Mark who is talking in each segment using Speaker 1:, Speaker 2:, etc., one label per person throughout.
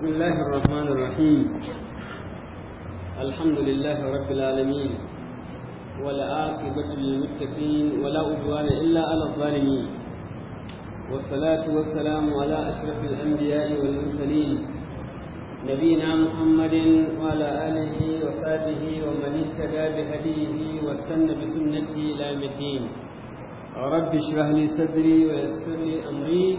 Speaker 1: بسم الله الرحمن الرحيم
Speaker 2: الحمد لله رب العالمين والعاقبة للمتقين ولا عدوان إلا على الظالمين والصلاة والسلام على أشرف الأنبياء والمرسلين نبينا محمد وعلى آله وصحبه ومن اهتدى بهديه واستنى بسنته إلى الدين رب اشرح لي صدري ويسر لي أمري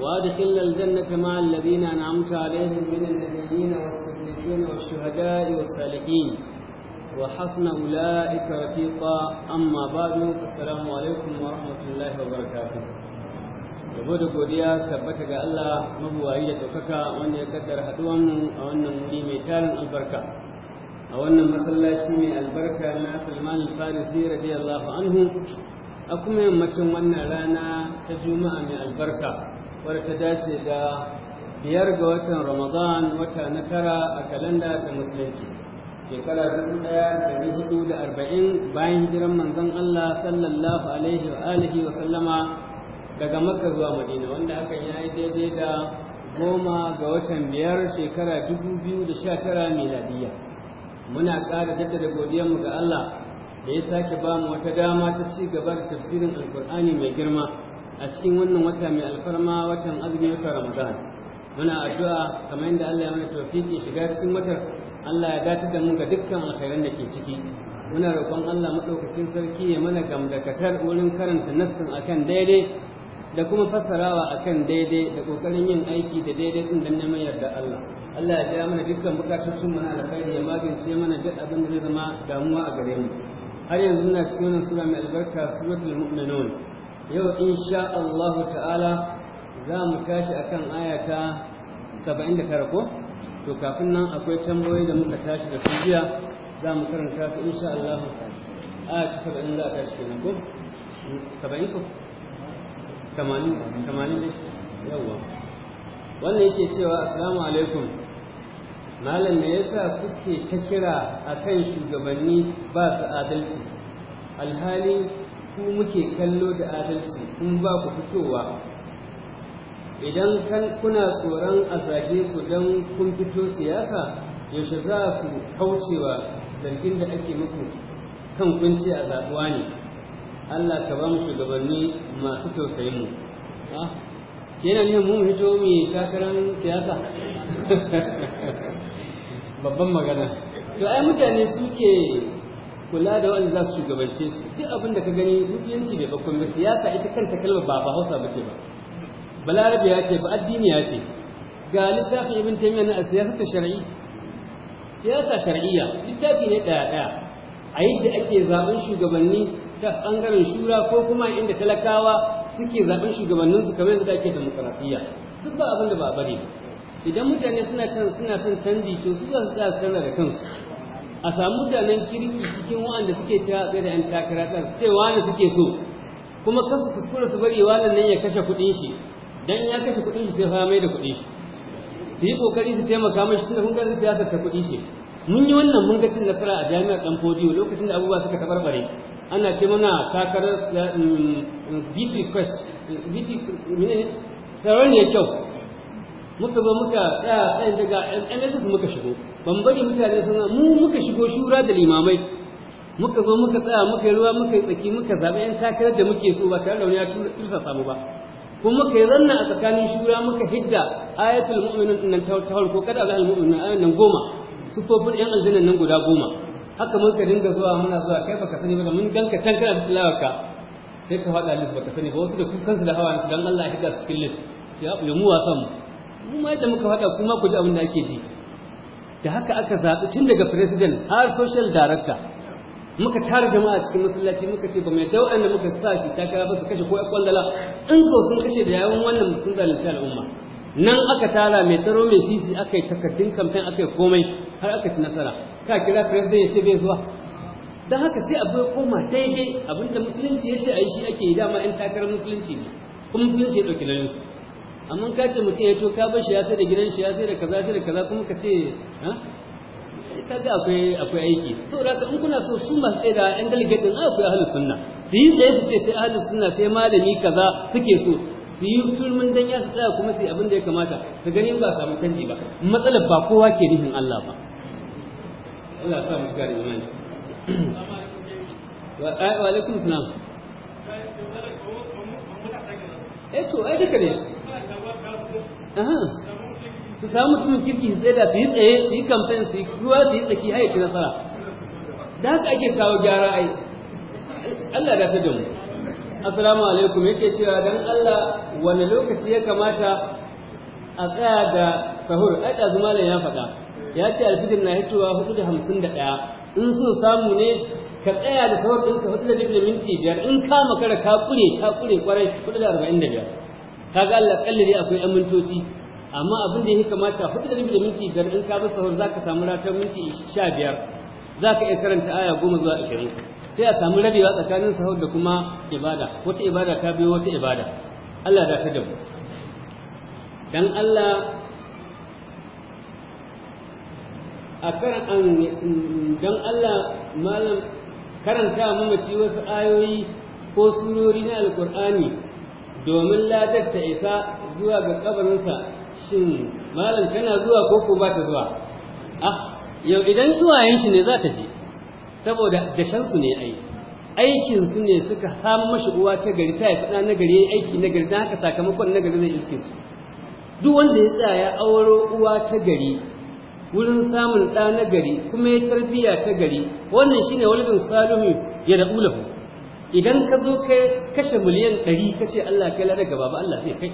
Speaker 2: وأدخلنا الجنة مع الذين أنعمت عليهم من النبيين والصديقين والشهداء والصالحين وحسن أولئك رفيقا أما بعد السلام عليكم ورحمة الله وبركاته yabo da godiya tabbata ga Allah mabuwayi da ɗaukaka wanda ya kaddara haduwanmu a wannan wuri mai tarin albarka a wannan masallaci mai albarka na Salman al-Farisi radiyallahu anhu a yammacin wannan rana ta Juma'a mai albarka wadda ta dace da biyar ga watan ramadan wata na tara a kalanda da musulunci shekara dubu ɗaya ɗari hudu da arba'in bayan hijiran manzon allah sallallahu alaihi wa alihi wa sallama daga makka zuwa madina wanda hakan ya yi daidai da goma ga watan biyar shekara dubu biyu da sha tara miladiyya muna ƙara jaddada godiyarmu ga allah da ya sake ba mu wata dama ta ci gaba da tafsirin alkur'ani mai girma a cikin wannan wata mai alfarma watan azumi wata ramadan muna addu'a kamar yadda Allah ya mana tawfiki shiga cikin wata. Allah ya dace da mu ga dukkan alkhairan da ke ciki muna roƙon Allah madaukakin sarki ya mana gamdakatar wurin karanta nassin akan daidai da kuma fassarawa akan daidai da kokarin yin aiki da daidai din dan neman yarda Allah Allah ya ja mana dukkan bukatun sun mana alkhairi ya magance mana duk abin da zai zama damuwa a gare mu har yanzu muna cikin wannan sura mai albarka suratul mu'minun yau sha Allah ta'ala za mu tashi akan ayata 79 ko to kafin nan akwai tambayoyi da muka tashi da jiya za mu karanta su sha Allah ta'ala ta 70 za a tashi kenan ko 70 ko 80 80 ne yawa wannan yake cewa assalamu alaikum malam me yasa kuke ta kira akan shugabanni ba su adalci alhali ku muke kallo da adalci kun ba ku fitowa idan kan kuna tsoron a zage ku don kun fito siyasa yaushe za ku kaucewa zargin da ake muku kan kunci a zaɓuwa ne Allah ka ba mu shugabanni masu tausayin mu kenan yin mun fito mai takarar siyasa babban magana to ai mutane suke kula da wanda za su shugabance su duk abin da ka gani musulunci bai ba kuma siyasa ita kanta kalmar ba ba hausa ba ce ba balarabe ya ce ba addini ya ce ga littafi ibn taymiya na ta shar'i siyasa shar'iyya littafi ne daya daya a yadda ake zaben shugabanni ta bangaren shura ko kuma inda talakawa suke zaben shugabannin su kamar yadda ake demokrafiya duk ba abin da ba bari idan mutane suna son suna son canji to su za su tsaya da kansu a samu mutanen kirki cikin wa'anda suke cewa tsaye da 'yan takara ɗan cewa ne suke so kuma kasu kuskura su bari wanan nan ya kashe kuɗin shi dan ya kashe kuɗin shi sai fa da kuɗin shi su yi kokari su taimaka mashi suna kun ga siyasar ta kuɗi ce mun yi wannan mun ga cin nasara a jami'ar dan fodiyo lokacin da abubuwa suka tabarbare ana ce mana takarar beauty mm, mm, quest beauty kyau muka zo muka tsaya tsayin daga mss muka shigo ban bari mutane suna mu muka shigo shura da limamai muka zo muka tsaya muka yi ruwa muka yi tsaki muka zaɓi yan takarar da muke so ba tare da wani ya tursa samu ba kuma muka yi zanna a tsakanin shura muka hidda ayatul mu'minin nan ta farko kada Allah al-mu'minin ayan nan goma sufofin yan aljanna nan guda goma haka muka dinga zuwa muna zuwa kai baka sani ba da mun ganka can kana tilawarka sai ka faɗa lif baka sani ba wasu da ku kansu da hawa dan Allah ya hidda su cikin lif ya mu wasan mu ma yadda muka faɗa kuma ku ji abin da ake ji da haka aka zaɓi tun daga president har social director muka tara jama'a cikin masallaci muka ce ba mai da waɗanda muka sa shi takara ba su kashe ko ya kwallala in ko sun kashe da yawon wannan sun zalunci al'umma nan aka tara mai tsaro mai sisi aka yi takardun kamfen aka yi komai har aka ci nasara ka kira president ya ce bai zuwa don haka sai abu ya koma daidai abinda musulunci ya ce a yi shi ake yi dama 'yan takarar musulunci ne kuma musulunci ya ɗauki nauyinsu amma ka ce mutum ya to ka bar shi ya sai da gidan shi ya sai da kaza sai da kaza kuma ka ce Ka ga akwai akwai aiki so da in kuna so su masu tsaye da yan delegate din akwai ahlus sunna su yi tsaye su ce sai ahlus sunna sai malami kaza suke so su yi turmin dan ya tsaya kuma su yi abin da ya kamata su gani ba samu canji ba matsalar ba kowa ke nufin Allah ba Allah ya sa mu gane imani wa alaikum salam eh to ai duka ne su samu mutumin kirki su tsaye su yi tsaye su yi kamfen su yi ruwa su yi tsaki har yake nasara da haka ake kawo gyara ai Allah da ta jamu assalamu alaikum yake cewa dan Allah wani lokaci ya kamata a tsaya da sahur ai da zuma ya faɗa ya ce alfijir na hitowa hudu da hamsin da ɗaya in so samu ne ka tsaya da sahur ɗinka hudu da minti biyar in kama kara ka kure ka kure kwarai hudu da arba'in da biyar kaga Allah kalli dai akwai ɗan mintoci amma abin da ya kamata hudu da rabi da minti gar in ka bi sahur za ka samu ratar minti sha biyar za ka iya karanta aya goma zuwa 20 sai a samu rabewa tsakanin sahur da kuma ibada wata ibada ta biyo wata ibada Allah ya dafa da mu dan Allah a karan dan Allah malam karanta mace wasu ayoyi ko surori na alkur'ani domin ladar ta isa zuwa ga kabarinsa shin malam kana zuwa ko ko ba ta zuwa ah yau idan yin shi ne za ta je saboda dashensu su ne ai aikin su ne suka samu mashi uwa ta gari ta yi fada na gari aiki na gari don haka sakamakon na gari zai iske su duk wanda ya tsaya auro uwa ta gari wurin samun ɗa na gari kuma ya tarbiyya ta gari wannan shine walidun salihu ya da ulahu idan ka zo ka kashe miliyan ɗari ka ce Allah kai lada gaba ba Allah zai kai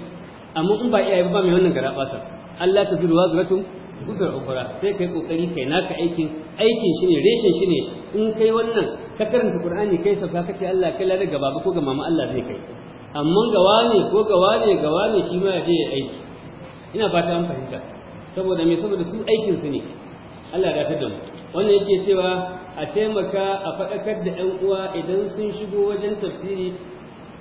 Speaker 2: amma in ba iyaye ba mai wannan gara basa Allah ta zuruwa zuratun gudar ukura sai kai kokari kai naka aikin aikin shine reshen shine in kai wannan ka karanta Qur'ani kai sauka ka ce Allah kai lada gaba ba ko ga mama Allah zai kai amma ga ne ko ga ne ga ne shi ma ya yi aiki ina fata an fahimta saboda me saboda su aikin su ne Allah ya dafa da mu wannan yake cewa a taimaka a faɗakar da 'yan uwa idan sun shigo wajen tafsiri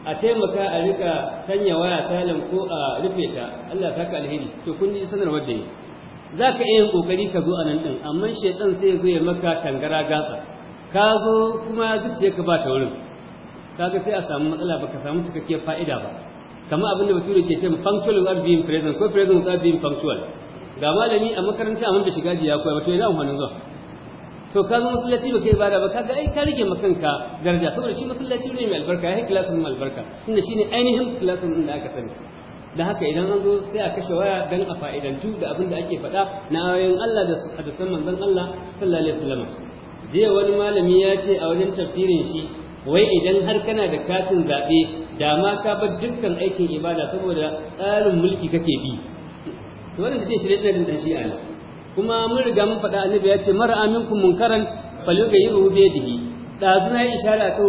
Speaker 2: a taimaka a rika sanya waya talam ko a rufe ta Allah ta ka alheri to kun ji sanarwar da yi za ka iya kokari ka zo a nan ɗin amma shaitan sai ya zo ya maka tangara gatsa ka zo kuma zuciya ka ba ta wurin kaga sai a samu matsala ba ka samu cikakkiyar fa'ida ba kamar abin da bature ke ce punctual without being present ko present without being punctual ga malami a makaranta amma bai shiga jiya koyi to ina amfanin zuwa to ka zo masallaci baka ibada ba kaga ai ka rike makanka daraja saboda shi masallaci ne mai albarka ya kilasin mai albarka tunda shine ainihin kilasin din da aka sani da haka idan an zo sai a kashe waya dan a fa'idantu da abin da ake faɗa na ayoyin Allah da hadisan manzon Allah sallallahu alaihi wasallam je wani malami ya ce a wajen tafsirin shi wai idan har kana da katin zaɓe da ma ka bar dukkan aikin ibada saboda tsarin mulki kake bi to wannan da ce shi da shi ne kuma mun riga mun faɗa annabi ya ce mara aminkum munkaran falyughayyiru bi yadihi da zuna ya ishara kan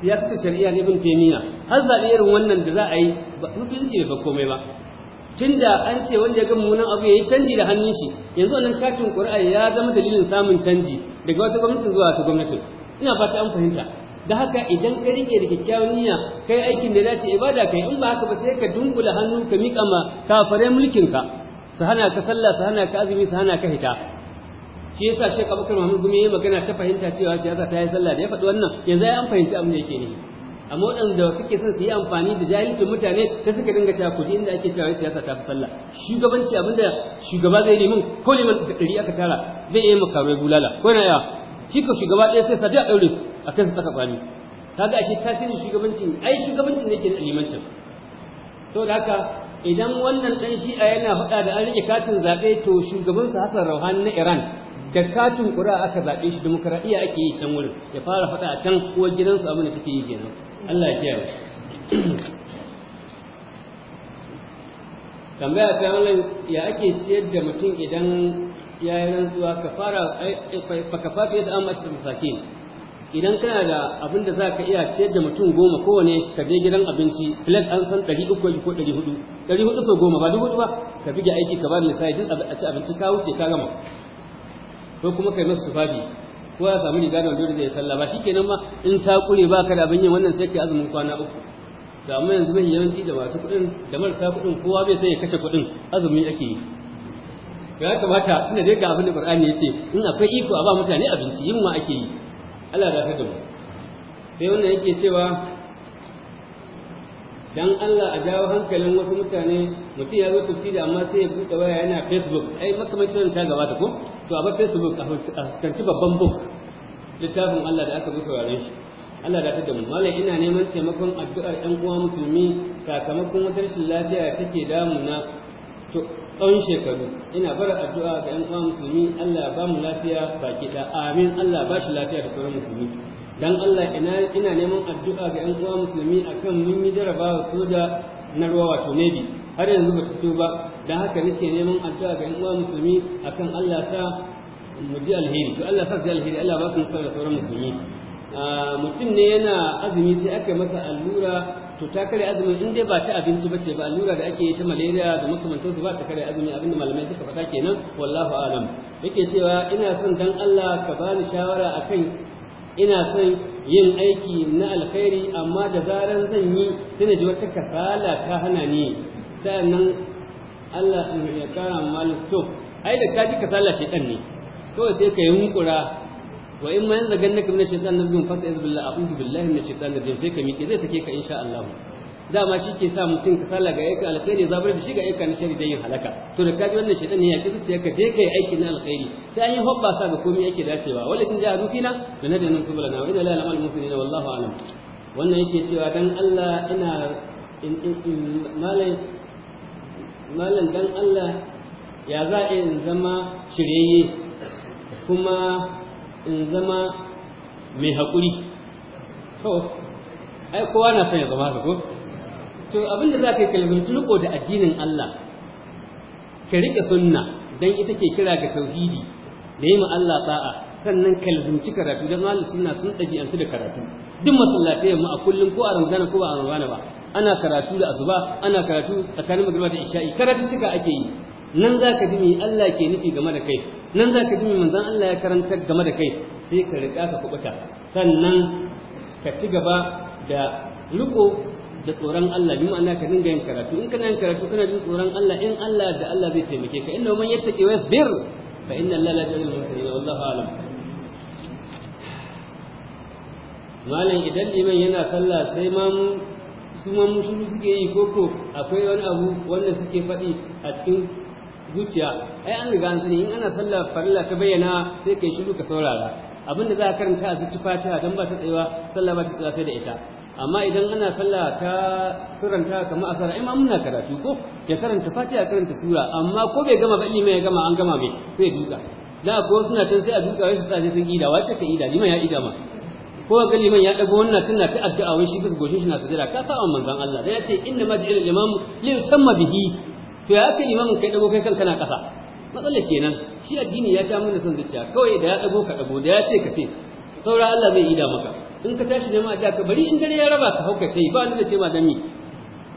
Speaker 2: siyasar shari'a ne ibn taymiya har zaɓi irin wannan da za a yi musulunci ba komai ba tunda an ce wanda ya ga mummunan abu ya yi canji da hannun shi yanzu wannan katin ƙuri'a ya zama dalilin samun canji daga wata gwamnatin zuwa ta gwamnatin ina fata an fahimta da haka idan ka rike da kyakkyawan niyya kai aikin da dace ibada kai in ba haka ba sai ka dunkula hannu ka miƙa ma kafare mulkin ka su hana ka sallah su hana ka azumi su hana ka hita shi yasa Sheikh Abubakar Muhammad Gumi ya magana ta fahimta cewa siyasa ta yi sallah da ya faɗi wannan yanzu ya an fahimci abin da yake ne amma waɗanda suke son su yi amfani da jahilcin mutane ta suka dinga ta kuɗi inda ake cewa siyasa ta fi sallah shugabanci abinda shugaba zai limin ko liman ɗari aka tara zai iya makamai bulala ko na ya shi ka shugaba ɗaya sai sa a ɗaure su a kan su saka kwani kaga ashe tasirin shugabancin ai shugabancin ne ke da limancin to da haka idan wannan ɗan shi'a yana faɗa da an rike katin zaɓe to shugabansa Hassan Rouhani na Iran da katin ƙura aka zaɓe shi demokaradiyya ake yi can wurin ya fara faɗa a can uwar gidansu abin da take yi kenan Allah ya kiyaye tambaya ta wannan ya ake ciyar da mutum idan ya yi rantsuwa ka fara fa ka fara yadda an mace idan kana da abin da za ka iya ciyar da mutum goma kowane ka je gidan abinci plate an san ɗari uku ko ɗari hudu ɗari hudu sau goma ba dubu ba ka bige aiki ka ba da lissafi a ci abinci ka wuce ka gama ko kuma kai masu tufafi ko ya samu riga da wanda zai sallah ba shi kenan ma in ta kure ba ka da abin yin wannan sai kai azumin kwana uku to amma yanzu mai yawanci da masu kuɗin da marasa kuɗin kowa bai sai ya kashe kuɗin azumi ake yi ya kamata tunda dai ga abin da ƙur'ani ya ce in akwai iko a ba mutane abinci yin ma ake yi Allah da da sai wannan yake cewa dan Allah a jawo hankalin wasu mutane mutum ya zo tafsiri amma sai ya buɗe waya yana Facebook ai makamancin ta gabata ko to a ba Facebook a fuskanci babban book littafin Allah da aka zo saurare shi Allah da da mu mallam ina neman taimakon addu'ar yan uwa musulmi sakamakon wata rashin lafiya take damuna to tsawon shekaru ina bara addu'a ga 'yan uwa musulmi Allah ba mu lafiya baki da amin Allah ba shi lafiya da sauran musulmi dan Allah ina ina neman addu'a ga 'yan uwa musulmi akan mun yi jarabawa soja na ruwa wato nebi har yanzu ba fito ba dan haka nake neman addu'a ga 'yan uwa musulmi akan Allah sa mu ji alheri to Allah sa ji alheri Allah ba ku nasara da sauran musulmi ah, mutum ne yana azumi sai aka masa allura to ta kare azumi in dai ba ta abinci bace ba allura da ake yi ta malaria da makamantansu ba ta kare azumi abin da malamai suka faɗa kenan wallahu alam yake cewa ina son dan Allah ka bani shawara akan ina son yin aiki na alkhairi amma da zaran zan yi sai na ji wata kasala ta hana ni sannan Allah ya kara mal to ai da kaji kasala shedan ne kawai sai ka yi hunkura wa in ma yanzu gannaka min shaytan nazgun fasta'iz billahi a'udhu billahi min shaitan rajim sai ka miƙe zai sake ka insha Allah dama shi ke sa mutum ka sala ga aikin alkhairi zabar da shi ga na shari don yin halaka to da kaji wannan shaitan ne ya ki zuciya ka je kai aikin alkhairi sai an yi hobba sa ga komai yake dacewa walakin ja'alu fina lanadana subulana wa inna la ya'lamu al na wallahu a'lam wannan yake cewa dan Allah ina malai malam dan Allah ya za in zama shiryayye kuma in zama mai haƙuri to ai kowa na son ya zama haka ko to abin da za ka yi kalbinci riko da addinin Allah ka riƙe sunna dan ita ke kira ga tauhidi da yi ma Allah ta'a sannan kalbinci karatu don malu suna sun ɗabi'antu da karatu duk masallatai yamma a kullum ko a ramadana ko ba a ramadana ba ana karatu da asuba ana karatu tsakanin magriba da isha'i karatu cika ake yi nan za ka ji me Allah ke nufi game da kai nan za ka ji manzan Allah ya karantar game da kai sai ka riƙa ka kubuta sannan ka ci gaba da riƙo da tsoron Allah bi ma'ana ka dinga yin karatu in kana yin karatu kana jin tsoron Allah in Allah da Allah zai taimake ka inna man yattaqi wa yasbir fa inna Allah la yajidul muslimin wallahu a'lam malam idan liman yana sallah sai mu su ma shuru suke yi koko akwai wani abu wanda suke faɗi a cikin zuciya ai an riga an sani in ana sallah farilla ta bayyana sai kai shiru ka saurara abinda za ka karanta a zuci fatiha dan ba ta tsayawa sallah ba ta tsaya sai da ita amma idan ana sallah ta suranta kamar asara ai ma muna karatu ko ke karanta fatiha karanta sura amma ko bai gama ba ilimin ya gama an gama bai sai duka da ko suna tun sai a duka wai su tsaje sun ida wace ka ida liman ya ida ma ko ga liman ya dago wannan sunna ta addu'a wai shi bisa goshin shi na sadira ka sa manzon Allah da ya ce inna maj'al al-imam li yutamma bihi to ya kai imamin kai dago kai kanka na ƙasa matsalar kenan shi addini ya sha mana son zuciya kawai da ya dago ka dago da ya ce ka ce saura Allah zai ida maka in ka tashi jama'a a ka bari in dare ya raba ka hauka kai ba ni da ce ma dami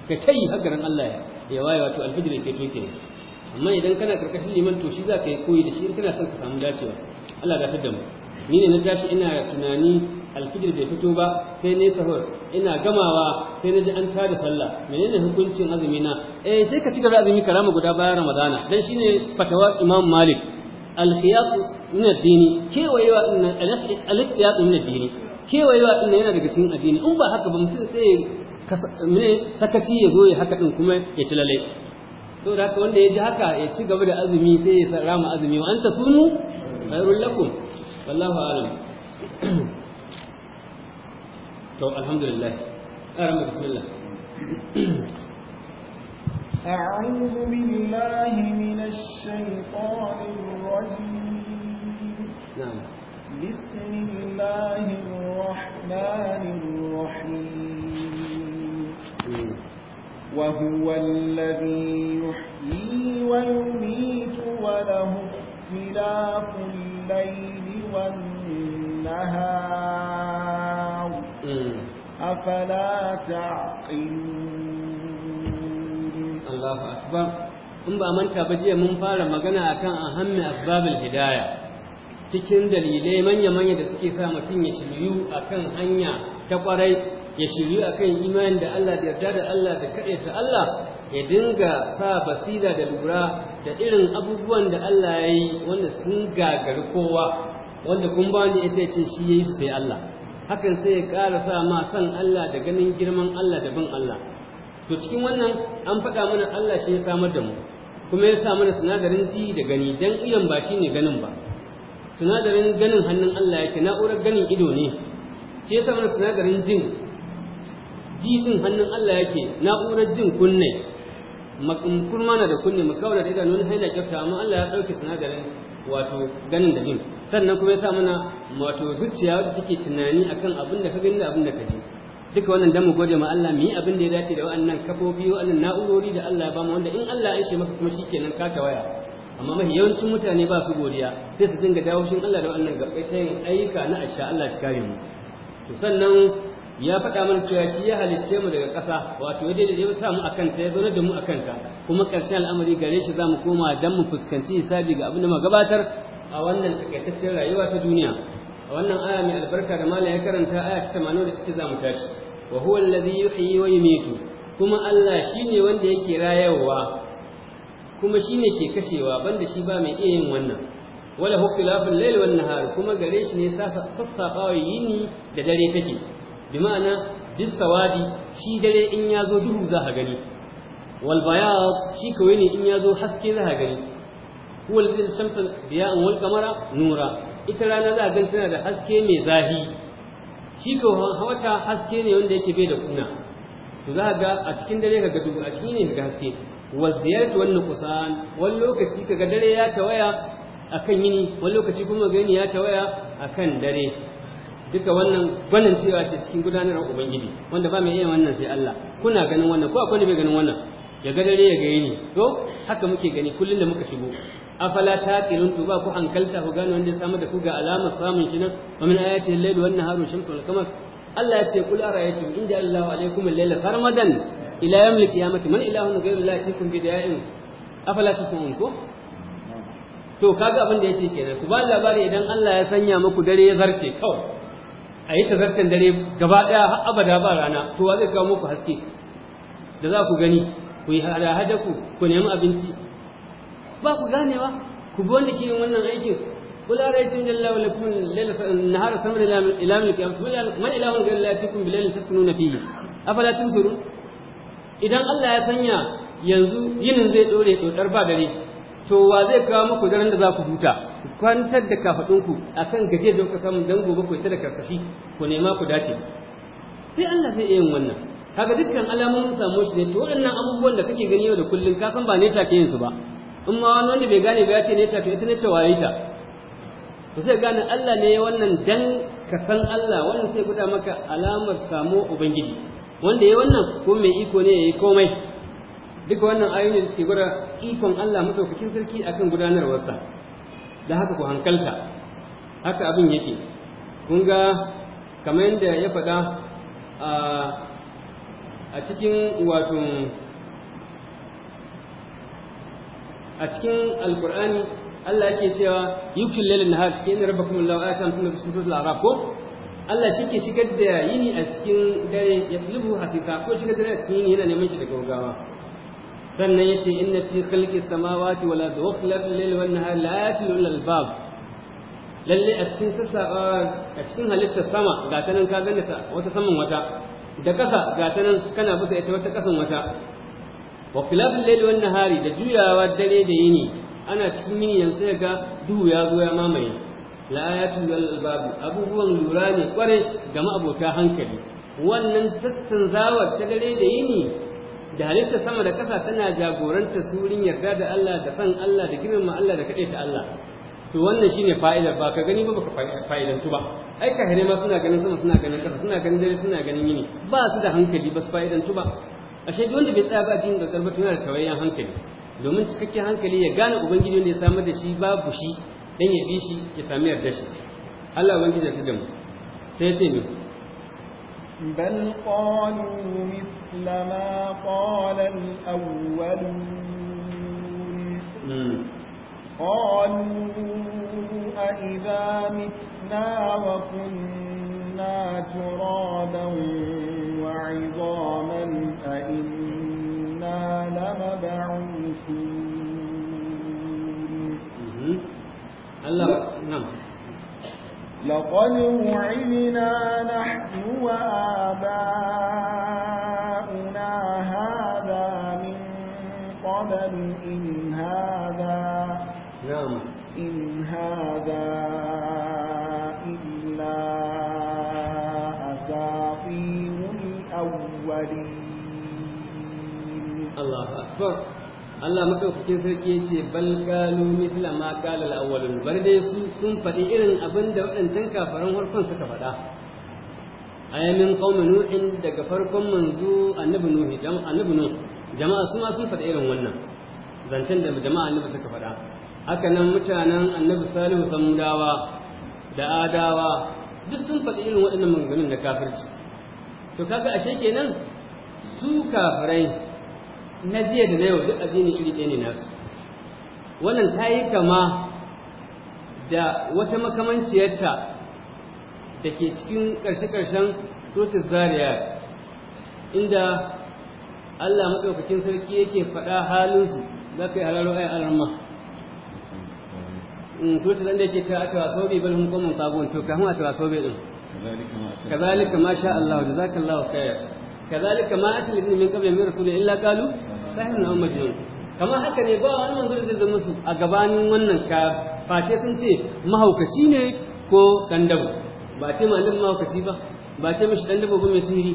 Speaker 2: ka kai hakaran Allah ya waye wato alfijir ke tuke amma idan kana karkashin liman to shi za ka yi koyi da shi in kana son ka samu dacewa Allah ya da mu ni ne na tashi ina tunani alfijir bai fito ba sai ne sahur ina gamawa sai na ji an tada sallah menene hukuncin azumi na eh sai ka ci gaba azumi ka rama guda bayan ramadana dan shine fatawa imam malik alhiyat min ad-dini kewayewa inna al min ad-dini kewayewa in yana daga cikin addini in ba haka ba mutum sai ne sakaci ya zo ya haka din kuma ya ci lalle to da haka wanda ya ji haka ya ci gaba da azumi sai ya rama azumi wa anta sunu khairul lakum wallahu a'lam طب الحمد لله أرم بسم الله
Speaker 1: أعوذ بالله من الشيطان الرجيم نعم بسم الله الرحمن الرحيم وهو الذي يحيي ويميت وله اختلاف الليل والنهار afala ta'qilun
Speaker 2: Allahu akbar in ba manta ba jiya mun fara magana akan ahammi asbabul hidaya cikin dalilai manya-manya da suke sa mutum ya shiryu akan hanya ta kwarai ya shiryu akan imanin da Allah da yarda da Allah da kaɗaita Allah ya dinga sa basira da lura da irin abubuwan da Allah ya yi wanda sun gagari kowa wanda kun ba wanda ya ce shi ya yi su sai Allah hakan sai ya ƙara sa ma san Allah da ganin girman Allah da bin Allah to cikin wannan an faɗa mana Allah shi ya samar da mu kuma ya sa mana sinadarin ji da gani dan idan ba shine ganin ba sinadarin ganin hannun Allah yake na'urar ganin ido ne shi ya sa mana sinadarin jin ji din hannun Allah yake na'urar jin kunne kurma na da kunne makaula da idanun haina kyauta amma Allah ya ɗauki sinadarin wato ganin da jin sannan kuma ya sa mana wato zuciya wadda take tunani akan abin da ka gani da abin da ka ji duka wannan dan mu gode ma Allah mu yi abin da ya dace da wa'annan kafofi wa'annan na'urori da Allah ya bamu wanda in Allah ya ishe maka kuma shikenan ka ta waya amma mafi yawancin mutane ba su godiya sai su dinga dawo shin Allah da wa'annan gabbai ta yin ayyuka na asha Allah shi kare mu to sannan ya faɗa mana cewa shi ya halicce mu daga ƙasa wato ya daidai ya sa mu akan ta ya zauna da mu akan ta kuma ƙarshen al'amari gare shi za mu koma dan mu fuskanci hisabi ga abin da mu gabatar a wannan takaitaccen rayuwa ta duniya a wannan aya mai albarka da mala ya karanta aya ta 80 za mu tashi wa huwa allazi yuhyi wa yumitu kuma Allah shine wanda yake rayarwa kuma shine ke kashewa banda shi ba mai iya yin wannan wala hukilafin lail wan nahar kuma gare shi ne sassafawa yini da dare take bi ma'ana bis sawadi shi dare in ya zo duhu za ka gani wal bayad shi kawai ne in ya zo haske za ka gani huwa alladhi shamsa biya'an wal qamara nura ita rana za a gan tana da haske mai zahi shi ko wata haske ne wanda yake bai da kuna to za ga a cikin dare ka ga dubu a cikin ne ga haske wa ziyaratu wan nuqsan wani lokaci kaga dare ya tawaya akan yini wani lokaci kuma ga yini ya tawaya akan dare duka wannan gwanin cewa ce cikin gudanarwar ubangiji wanda ba mai iya wannan sai Allah kuna ganin wannan ko akwai ne bai ganin wannan ya ga dare ya ga yini to haka muke gani kullun da muka shigo afala taqilun to ba ku hankalta ku gano wanda ya samu da ku ga alamar samun shi nan wa min ayati al-layl an nahar shamsu wal qamar Allah ya ce kul ara'aytum in ja'alallahu alaykum al-layla farmadan ila yawm al-qiyamati man ilahun ghayru Allah yatikum bi da'in afala taqilun ku? to kaga abin da yake kenan ku ba labari idan Allah ya sanya muku dare ya zarce kawai a yi tazarcen dare gaba ɗaya har abada ba rana to wa zai kawo muku haske da za ku gani ku yi hada ku ku nemi abinci ba ku ganewa ku bi wanda ke yin wannan aikin kula ra'aytum jalla wa lakum layla nahara samra ila kula man ila ghayra galla yatikum kun bilal tasununa fihi afala tunsirun idan Allah ya sanya yanzu yinin zai dore dar ba dare to wa zai kawo muku daren da za ku huta ku kwantar da ku akan gaje da kuka samu dan gobe ku tada da karkashi ku nema ku dace sai Allah zai yin wannan kaga dukkan alamomin samu shi ne to waɗannan abubuwan da kake gani yau da kullun ka san ba ne shake yin su ba in ma wani wanda bai gane ba ya ce ne ta ita ne ce waye ta to sai gane Allah ne wannan dan ka san Allah wannan sai guda maka alamar samu ubangiji wanda ya wannan ko mai iko ne yayi komai duka wannan ayoyin suke gwada ikon Allah kin sarki akan gudanarwarsa da haka ku hankalta haka abin yake kun ga kamar yadda ya faɗa a cikin wato a cikin alkur'ani Allah yake cewa yukil lailin nahar cikin inna rabbakum allahu ayatan sunna cikin suratul araf ko Allah shi ke shigar da yini a cikin dare ya tulubu hafifa ko shigar da dare a cikin yini yana neman shi daga gaggawa sannan ya ce inna fi khalqis samawati wal ardi wa ikhtilafil layli wan nahar la yatilu illa albab lalle a cikin sassaba a cikin halittar sama ga ta nan ka ganta wata saman wata da kasa ga ta nan kana bisa ita wata kasan wata wa khilafil layli wan nahari da juyawa dare da yini ana cikin yini yanzu ga duhu ya zo ya mamaye la lil albab abubuwan lura ne kware ga abota hankali wannan zawa ta dare da yini da halitta sama da ƙasa tana jagoranta surin yarda da Allah da san Allah da girmama Allah da ta Allah to wannan shine fa'idar ba ka gani ba baka fa'idantu ba ai ka ma suna ganin sama suna ganin ƙasa suna ganin dare suna ganin yini ba su da hankali ba su fa'idantu ba ashe duk wanda bai tsaya ba addinin da karba yana da tawayyan hankali domin cikakken hankali ya gane ubangiji wanda ya samar da shi babu shi dan ya bi shi ya sami yarda shi Allah ubangiji ya tada mu sai ce ni
Speaker 1: bal qalu mithla ma qala al-awwalun qalu أَإِذَا مِتْنَا وَكُنَّا تُرَابًا وعظاما أَإِنَّا لمبعوثون نعم لقد وعدنا نحن وآباؤنا هذا من قبل إن هذا نعم إن هذا
Speaker 2: Allahu akbar Allah madaukakin sarki ce bal qalu mithla ma qala al-awwalun bar dai su sun faɗi irin abin da waɗancan kafaran harkon suka faɗa ayamin qaumin nuhin daga farkon manzo annabi nuhi annabi nuh jama'a su ma sun faɗi irin wannan zancen da jama'a annabi suka faɗa haka nan mutanen annabi salihu samudawa da adawa duk sun faɗi irin waɗannan maganganun da kafirci to kaga ashe kenan su kafirai na jiya da na yau duk addini iri ɗaya ne nasu wannan ta yi kama da wata makamanciyarta da ke cikin ƙarshe-ƙarshen sotis zariya inda Allah maɗaukakin sarki yake faɗa halinsu za ka yi hararo ayi alarma in sotis ɗan da ke cewa aka waso bai bal hukumin sabon to kafin aka waso bai ɗin kazalika ma sha Allah da zaka Allah khair kazalika ma atil ibn min qabl min rasul illa qalu sahir na majnun kamar haka ne ba wani manzo da zai musu a gabanin wannan ka face sun ce mahaukaci ne ko dan ba ce malamin mahaukaci ba ba ce mishi dan ba mai sihiri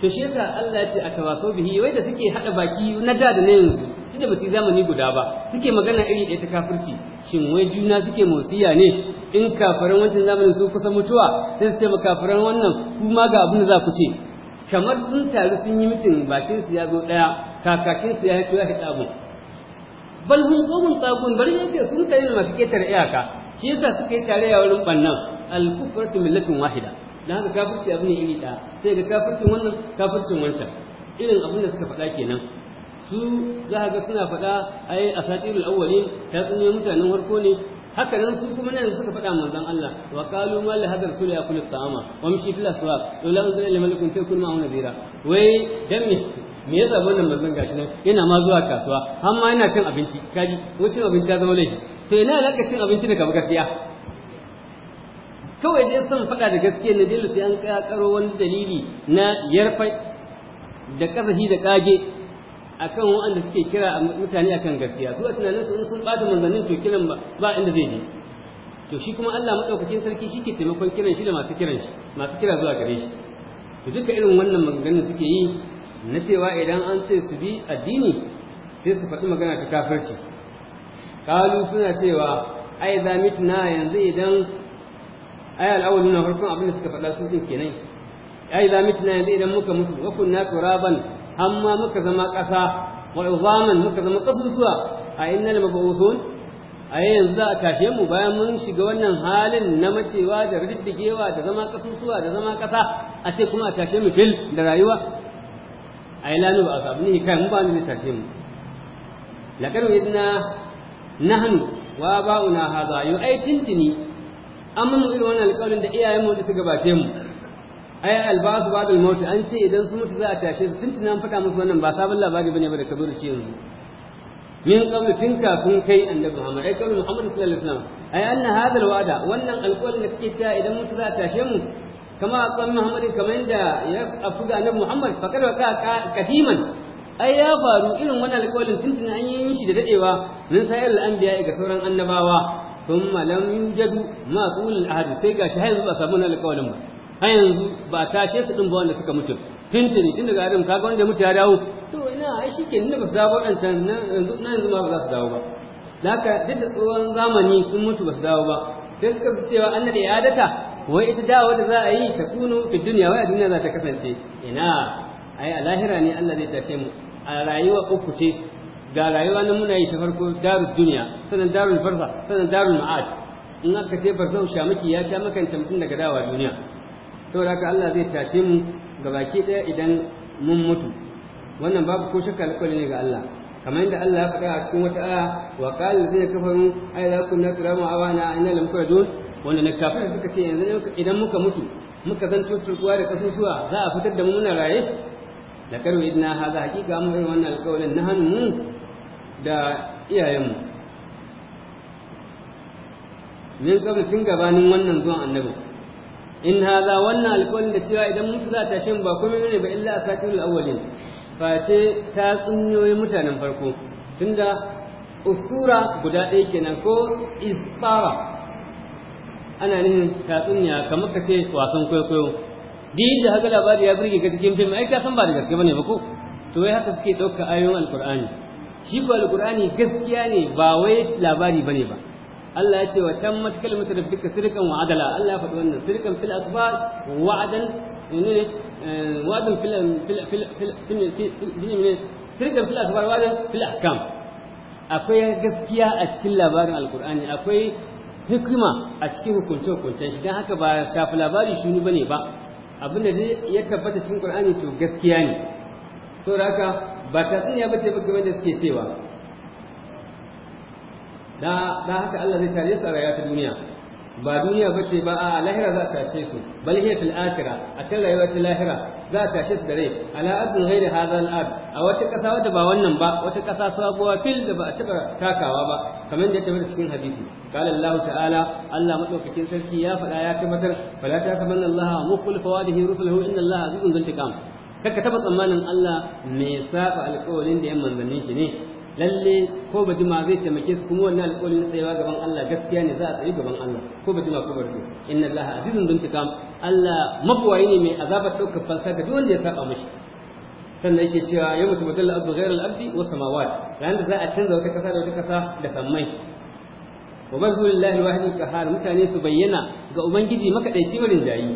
Speaker 2: to shi yasa Allah ya ce a tawaso bihi wai da suke hada baki na da da na yanzu tunda ba su zamani guda ba suke magana iri ɗaya ta kafirci shin wai juna suke motsiya ne in kafiran wancan zamanin su kusa mutuwa sai su ce ma kafiran wannan kuma ga abin da za ku ce kamar sun taru sun yi mutum bakin su ya zo ɗaya kakakinsu ya hito ya hita mu bal hum qawmun tagun bari yake sun kai masu ketare iyaka shi yasa suka yi tare ya wurin bannan al kufratu wahida dan haka kafirci abu ne iri ɗaya sai ga kafircin wannan kafircin wancan irin abin da suka faɗa kenan su za ga suna faɗa ai asatirul awwalin ta tsinye mutanen farko ne haka nan su kuma nan suka faɗa manzon Allah wa qalu ma li hadha rasul yakulu ta'ama wa mishi fil aswaq law la unzila ilayhi malakun fa nadira wai dan me yasa wannan mazan gashi nan yana ma zuwa kasuwa har ma yana cin abinci kaji ko cin abinci ya zama laifi to yana alaka cin abinci da kamar gaskiya kawai dai sun faɗa da gaskiya na dole sai an karo wani dalili na yarfa da kasahi da kage akan wanda suke kira mutane akan gaskiya su a tunanin su in sun bata manzannin to kiran ba inda zai je to shi kuma Allah madaukakin sarki shi ke taimakon kiran shi da masu kiran shi masu kira zuwa gare shi to duka irin wannan maganganun suke yi na cewa idan an ce su bi addini sai su faɗi magana ta kafirci kalu suna cewa ai za mitina yanzu idan ai al'awali na farkon abin da suka faɗa su ɗin kenan ai za mitina yanzu idan muka mutu wa kunna turaban amma muka zama ƙasa wa izaman muka zama ƙasusuwa a innal mabu'uthun a yanzu za a tashe mu bayan mun shiga wannan halin na macewa da riddigewa da zama ƙasusuwa da zama ƙasa a ce kuma a tashe mu fil da rayuwa ai lanu ba abu ne kai mun ba ni tashe mu laqad na nahnu wa ba'una haza. yu ai tintini amma irin wannan alƙawarin da iyayen mu da suka bace mu ai albasu da maut an ce idan su mutu za a tashe su tintini an faɗa musu wannan ba sabon labari bane ba da ka shi yanzu min qabl tun kafin kai annabi Muhammad ai qabl Muhammad sallallahu alaihi wasallam ai anna hadha alwa'da wannan alƙawarin da kake cewa idan mutu za a tashe mu kama aqam محمد kamar yadda ya afuga annabi muhammad fa kada ka kadiman ai ya faru irin wannan alƙawarin tuntun an yi shi da dadewa min sa'il anbiya ga sauran annabawa thumma lam yujadu ma qul ahad sai gashi har yanzu ba samu wannan alƙawarin ba har yanzu ba tashe su din ba wanda suka mutu tuntuni tun daga adam kaga wanda mutu ya dawo to ina ai shike ne ba su dawo yanzu ma ba su dawo ba laka duk tsohon zamani sun mutu ba su dawo ba sai suka fi cewa ya data wai ita dawo da za a yi ta kunu fi duniya wai a duniya za ta kasance ina ai a lahira ne Allah zai tashe mu a rayuwa uku ce ga rayuwa nan muna yi ta farko daru duniya sannan darul barza sannan darul ma'ad in aka ce barzan shamaki ya sha makanta mutum daga dawa duniya saboda haka Allah zai tashe mu ga baki ɗaya idan mun mutu wannan babu ko shakka alƙawari ne ga Allah kamar yadda Allah ya faɗa a cikin wata aya wa qala allazina kafaru ay la kunna turamu awana inna lam kuradun wanda na kafin suka ce yanzu idan muka mutu muka zan tuttuwa da kasusuwa za a fitar da mu muna raye da karwe na haza hakika mu yi wannan alkawalin na hannu da iyayenmu min kabla tun gabanin wannan zuwan annabi in haza wannan alkawalin da cewa idan mutu za ta shi ba yi ne ba illa a al'awalin ba face ta tsunyoyi mutanen farko tunda usura guda ɗaya kenan ko isfara ana nihin tatsuniya kamar ka ce wasan kwaikwayo duk da haka labari ya burge ka cikin fim ai ka san ba da gaske bane ba ko to wai haka suke ɗauka ayoyin alkur'ani shi ko alkur'ani gaskiya ne ba wai labari bane ba Allah ya ce wa tan kalmatu mutarabbika sirkan wa adala Allah ya faɗi wannan sirkan fil asbab wa adan ne eh, wa'dan fil fil fil fil fil sirkan fil asbab wa fil ahkam akwai gaskiya a cikin labarin alkur'ani akwai hikima a cikin hukunce-hukuncen shi don haka ba shafi labari shuni ba ne ba abinda ya tabbata cikin ƙur'ani to gaskiya ne to da haka ba tatsuniya ba ce ba game da suke cewa da haka Allah zai tare su a rayuwa ta duniya ba duniya bace ba a lahira za ta tashe su bal hiya a can rayuwar ta lahira za ta tashe su da rai A abdul ghairi hadha al ab a wata kasa wadda ba wannan ba wata kasa sabuwa fil da ba a taba takawa ba kamar da ya tabbata cikin hadisi qala allah ta'ala allah madaukakin sarki ya faɗa ya tabbatar fala ta kamanna allah muqul fawadihi rusulahu inna allah azizun dhul intiqam kaka taba tsammanin allah mai saba alƙawarin da yan manzannin shi ne lalle ko ba jima zai taimake su kuma wannan alƙawarin na tsayawa gaban Allah gaskiya ne za a tsayi gaban Allah ko ba jima ko ba inna Allah azizun dun Allah mabwayi ne mai azabar ɗaukar fansa ga duk wanda ya saba mashi sannan yake cewa ya mutu mutum al'abdu Al abdi wa samawat ranar da za a canza wata kasa da wata kasa da sammai wa bazu lillahi wahdi kahar mutane su bayyana ga ubangiji makadaici wurin jayi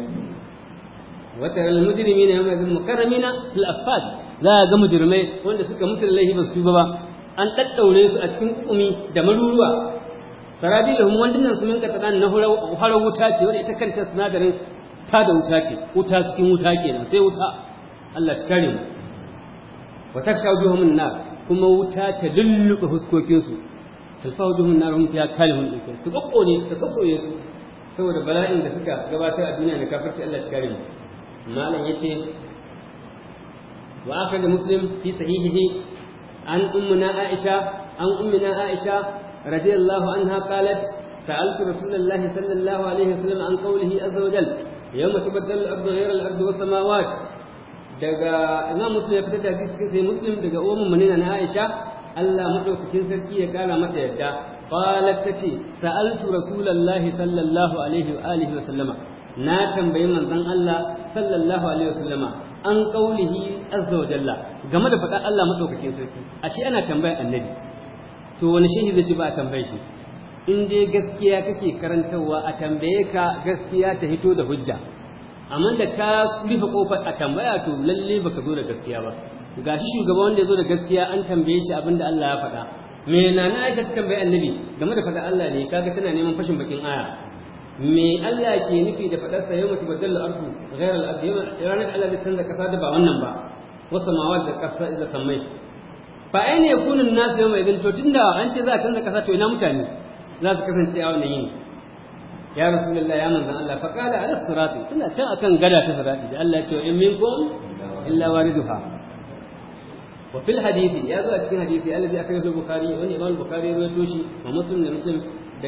Speaker 2: wa taral mujrimina yawma yadhun mukarramina fil asfad za ga mujrimai wanda suka mutu laifi ba su ba an tattaure su a cikin kumi da maruruwa sarabi da kuma wandunan su minka tsanan na hura wuta ce wanda ita kanta sinadarin ta da wuta ce wuta cikin wuta kenan sai wuta Allah shi kare mu wa taksha wujuhum nar kuma wuta ta lulluka huskokin su talfa wujuhum nar hum fiya kalihun din su kokkone ta sassoye su saboda bala'in da suka gabatar a duniya na kafirci Allah shi kare mu malam yace wa akhraja muslim fi sahihihi عن أمنا عائشة عن أمنا عائشة رضي الله عنها قالت سألت رسول الله صلى الله عليه وسلم عن قوله عز وجل يوم تبدل الأرض غير الأرض والسماوات daga imam muslim ya fitar cikin sai muslim daga umman manina na aisha Allah madaukakin sarki ya kara mata yadda qalat tace sa'altu rasulullahi sallallahu alaihi wa sallama na tambayi manzon Allah sallallahu alaihi wa sallama an qaulihi azza wa jalla game da faɗa Allah madaukakin sarki ashe ana tambayar annabi to wani shehi zai ci ba a tambaye shi in dai gaskiya kake karantarwa a tambaye ka gaskiya ta hito da hujja amma da ka rufe kofar a tambaya to lalle baka zo da gaskiya ba gashi shugaba wanda ya zo da gaskiya an tambaye shi abinda Allah ya faɗa me na na Aisha ta tambaye annabi game da faɗa Allah ne kaga tana neman fashin bakin aya me Allah ke nufi da faɗar sa yau mutu badalla ardu ghairal ardi ranar Allah zai canza kasa da ba wannan ba wasu samawa da kasa da sammai fa ai ne kunun nasu yau mai gani to tunda an ce za a canza kasa to ina mutane za su kasance a wannan yini ya rasulullahi ya manzon Allah fa qala ala sirati tana can akan gada ta sirati da Allah ya ce in minkum illa wariduha وفي الحديث يا ذو الحديث الذي أخرجه البخاري وإن إمام wa رواه ومسلم ومسلم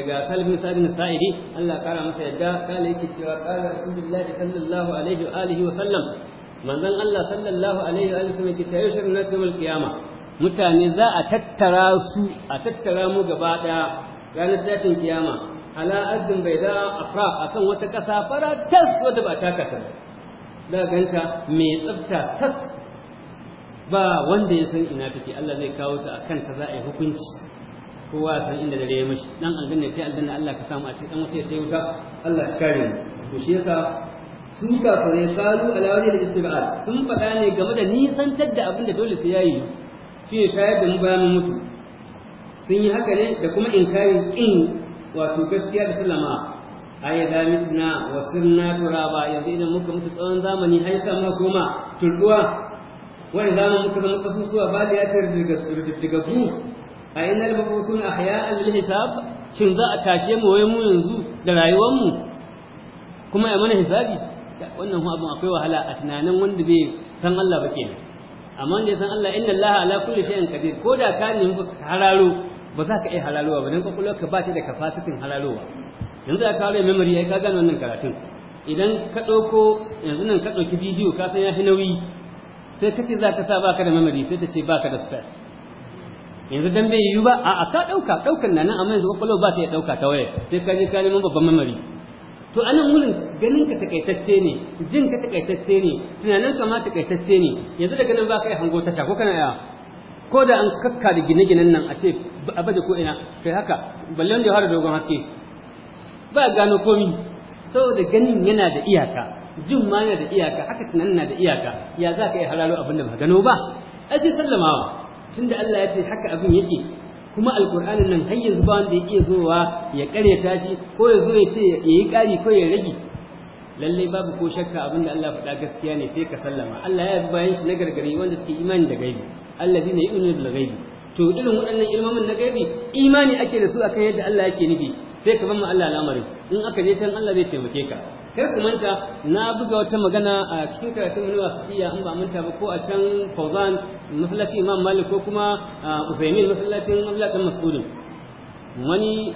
Speaker 2: daga kalbin Sa'id Sa'idi Allah kara masa yadda kala yake cewa kala Rasulullahi sallallahu alaihi wa alihi wa sallam manzon Allah sallallahu alaihi wa sallam yake cewa shirin nasu yawmal qiyama mutane za a tattara su a tattara mu gaba daya ranar tashin kiyama ala azin bai da afra akan wata kasa fara tas wadda ba ta kasa da ganta mai tsafta tas ba wanda ya san ina take Allah zai kawo ta akan ta za a yi hukunci kowa san inda dare ya mashi dan aljanna ce aljanna Allah ka samu a ce dan wata sai wuta Allah ya kare mu to shi yasa ka fare kalu ala wajhi al-istib'ad sun faɗa ne game da nisan da abin da dole sai yayi shi shayar da mu bayan mutu sun yi haka ne da kuma inkarin kin wato gaskiya da sallama ayi da mitna wa sirna turaba yanzu idan muka mutu tsawon zamani ai ma koma turduwa wani zamani muka zama kasusuwa ba da ga gaskiya a ina mabusun a haya'an hisab shin za a tashe mu wai mu yanzu da rayuwar mu kuma ya mana hisabi wannan hu abin akwai wahala a tunanin wanda bai san Allah ba kenan amma wanda ya san Allah inna Allah ala kulli shay'in qadir ko da ka nemi hararo ba za ka iya hararowa ba dan ka ba ta da kafasitin hararowa yanzu ka kawo memory ai ka gane wannan karatun idan ka ɗauko yanzu nan ka ɗauki bidiyo ka san ya fi nauyi sai ka ce za ka sa baka da memory sai ta ce baka da space yanzu dan bai yiwu ba a ka dauka daukan nan amma yanzu kokolo ba ta dauka ta waye sai ka je ka babban mamari to anan mulin ganin ka takaitacce ne jin ka takaitacce ne tunanin ka ma takaitacce ne yanzu daga nan ba yi hango tasha ko kana yawa ko da an kakka da gine-ginen nan a ce a baje ko ina kai haka balle wanda ya fara dogon haske ba gano komi saboda ganin yana da iyaka jin ma yana da iyaka haka tunanin na da iyaka ya za ka yi hararo abin da ba gano ba ai sai sallamawa tunda Allah ya ce haka abin yake kuma alkurani nan har yanzu ba wanda ya iya zowa ya karyata shi ko ya zo ya ce ya yi ƙari ko ya rage lalle babu ko shakka abin da Allah faɗa gaskiya ne sai ka sallama Allah ya bi bayan shi na gargare wanda suke imani da gaibi allazi ne yu'minu bil gaibi to irin waɗannan ilmamin na gaibi imani ake da su akan yadda Allah yake nufi sai ka bar Allah lamarin in aka je can Allah zai taimake ka Kar ku manta na buga wata magana a cikin karatun wani wasiya iya an ba manta ba ko a can Fauzan masallacin Imam Malik ko kuma Ufaimin masallacin Abdullah bin wani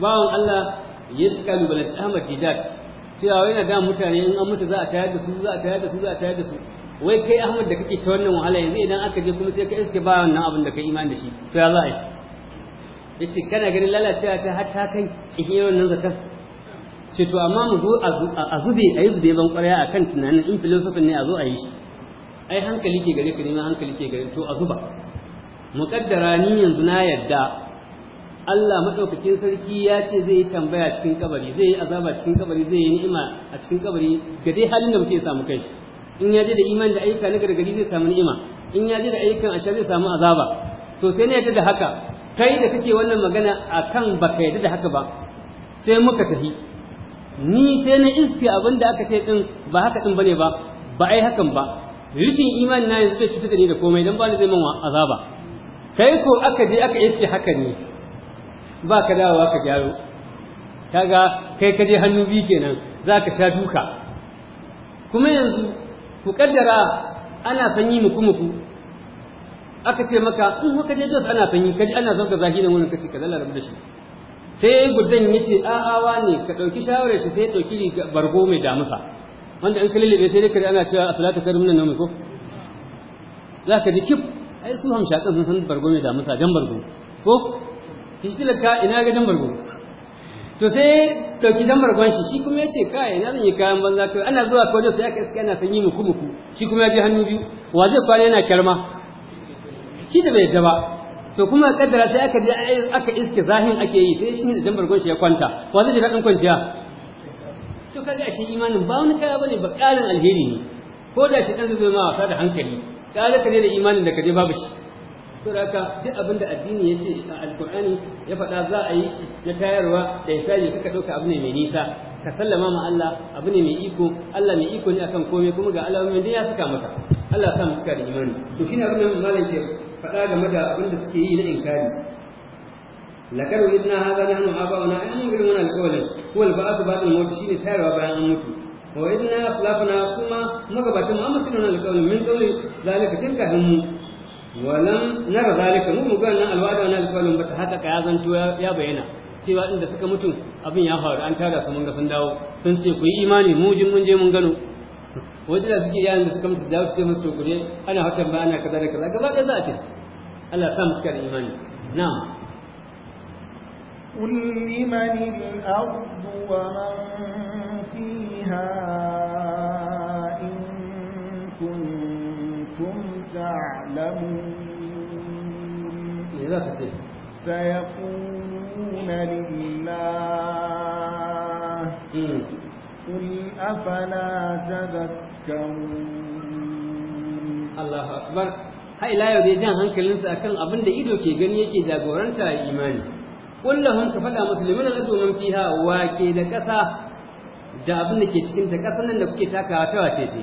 Speaker 2: bawan Allah ya kalubalanci Ahmad Dijat cewa wai na ga mutane in an mutu za a tayar da su za a tayar da su za a tayar da su wai kai Ahmad da kake ta wannan wahala yanzu idan aka je kuma sai ka iske ba wannan abin da kai imani da shi to ya za a yi yace kana ganin lalacewa ta har ta kai irin wannan zakan ce to amma mu zo a zube a yi zube ban kwarya akan tunanin in filosofin ne a zo a yi shi ai hankali ke gare ka ne hankali ke gare to a zuba muqaddara ni yanzu na yadda Allah madaukakin sarki ya ce zai yi tambaya cikin kabari zai yi azaba cikin kabari zai yi ni'ima a cikin kabari ga dai halin da mutum ya samu kai in ya je da iman da ayyuka na gargadi zai samu ni'ima in ya je da ayyukan ashar zai samu azaba to sai na yadda da haka kai da kake wannan magana akan baka yadda da haka ba sai muka tafi ni sai na iske abin da aka ce din ba haka din bane ba ba ai hakan ba rishin imani na yanzu zai cutar da ni da komai dan ba ni zai man azaba kai ko aka je aka iske haka ne ba ka dawowa ka gyaro kaga kai ka je hannu biyu kenan za ka sha duka kuma yanzu ku kaddara ana sanyi muku muku aka ce maka in kuka je jos ana sanyi kaji ana zauka zaki nan wani kace ka lallara da shi sai gudan ya ce a'awa ne ka ɗauki shawarar shi sai ya ɗauki bargo mai damusa wanda in ka bai sai dai ka ana cewa a salatu kar minan namu ko za ka ji kif ai su hamshaƙan sun san bargo mai damusa jan bargo ko shi tilaka ina ga jan bargo to sai ɗauki jan bargon shi shi kuma ya ce kai ina zan yi kayan banza kai ana zuwa ko da sai aka iska yana sanyi muku muku shi kuma ya ji hannu biyu wa zai kwana yana kyarma shi da bai yadda ba to kuma kaddara sai aka je aka iske zahin ake yi sai shi da jambar gonshi ya kwanta wa zai ji daɗin kwanciya to kaga shi imanin ba wani kaya bane ba ƙarin alheri ne ko da shi dan zai ma wasa da hankali kare ka ne da imanin da kaje babu shi to haka duk abin da addini ya ce a alkur'ani ya faɗa za a yi shi na tayarwa da ya hisabi kaka ɗauka abu ne mai nisa ka sallama ma Allah abu ne mai iko Allah mai iko ne akan komai kuma ga alamomin duniya ya saka maka Allah ya sa mu da imani to shine abin da malam ke faɗa game da abin da suke yi na inkari lakar wajidna hadha nahnu aba'una ai mun gidan wannan alƙawarin ko tayarwa bayan an mutu wa wajidna aflafana kuma magabatan mu amma kidan alƙawarin min qawli zalika nara zalika mu mugan nan alwada haka ya zanto ya bayyana cewa inda suka mutu abin ya faru an tara su mun ga sun ce ku imani mu jin mun je mun gano wajen da suke yayin da suka mutu da su musu ana hakan ba ana kaza da kaza gaba ɗaya za a ce ألا sa mu نعم
Speaker 1: قل لمن الأرض ومن فيها إن كنتم تعلمون سيقولون لله قل أفلا تذكرون
Speaker 2: الله أكبر har ila yau dai jan hankalinsa kan abin da ido ke gani yake jagoranta a imani
Speaker 1: kullahum ka faɗa
Speaker 2: musulmi na zato man fiha wa ke da ƙasa da abin da ke cikin ta ƙasa nan da kuke taka ta wace ce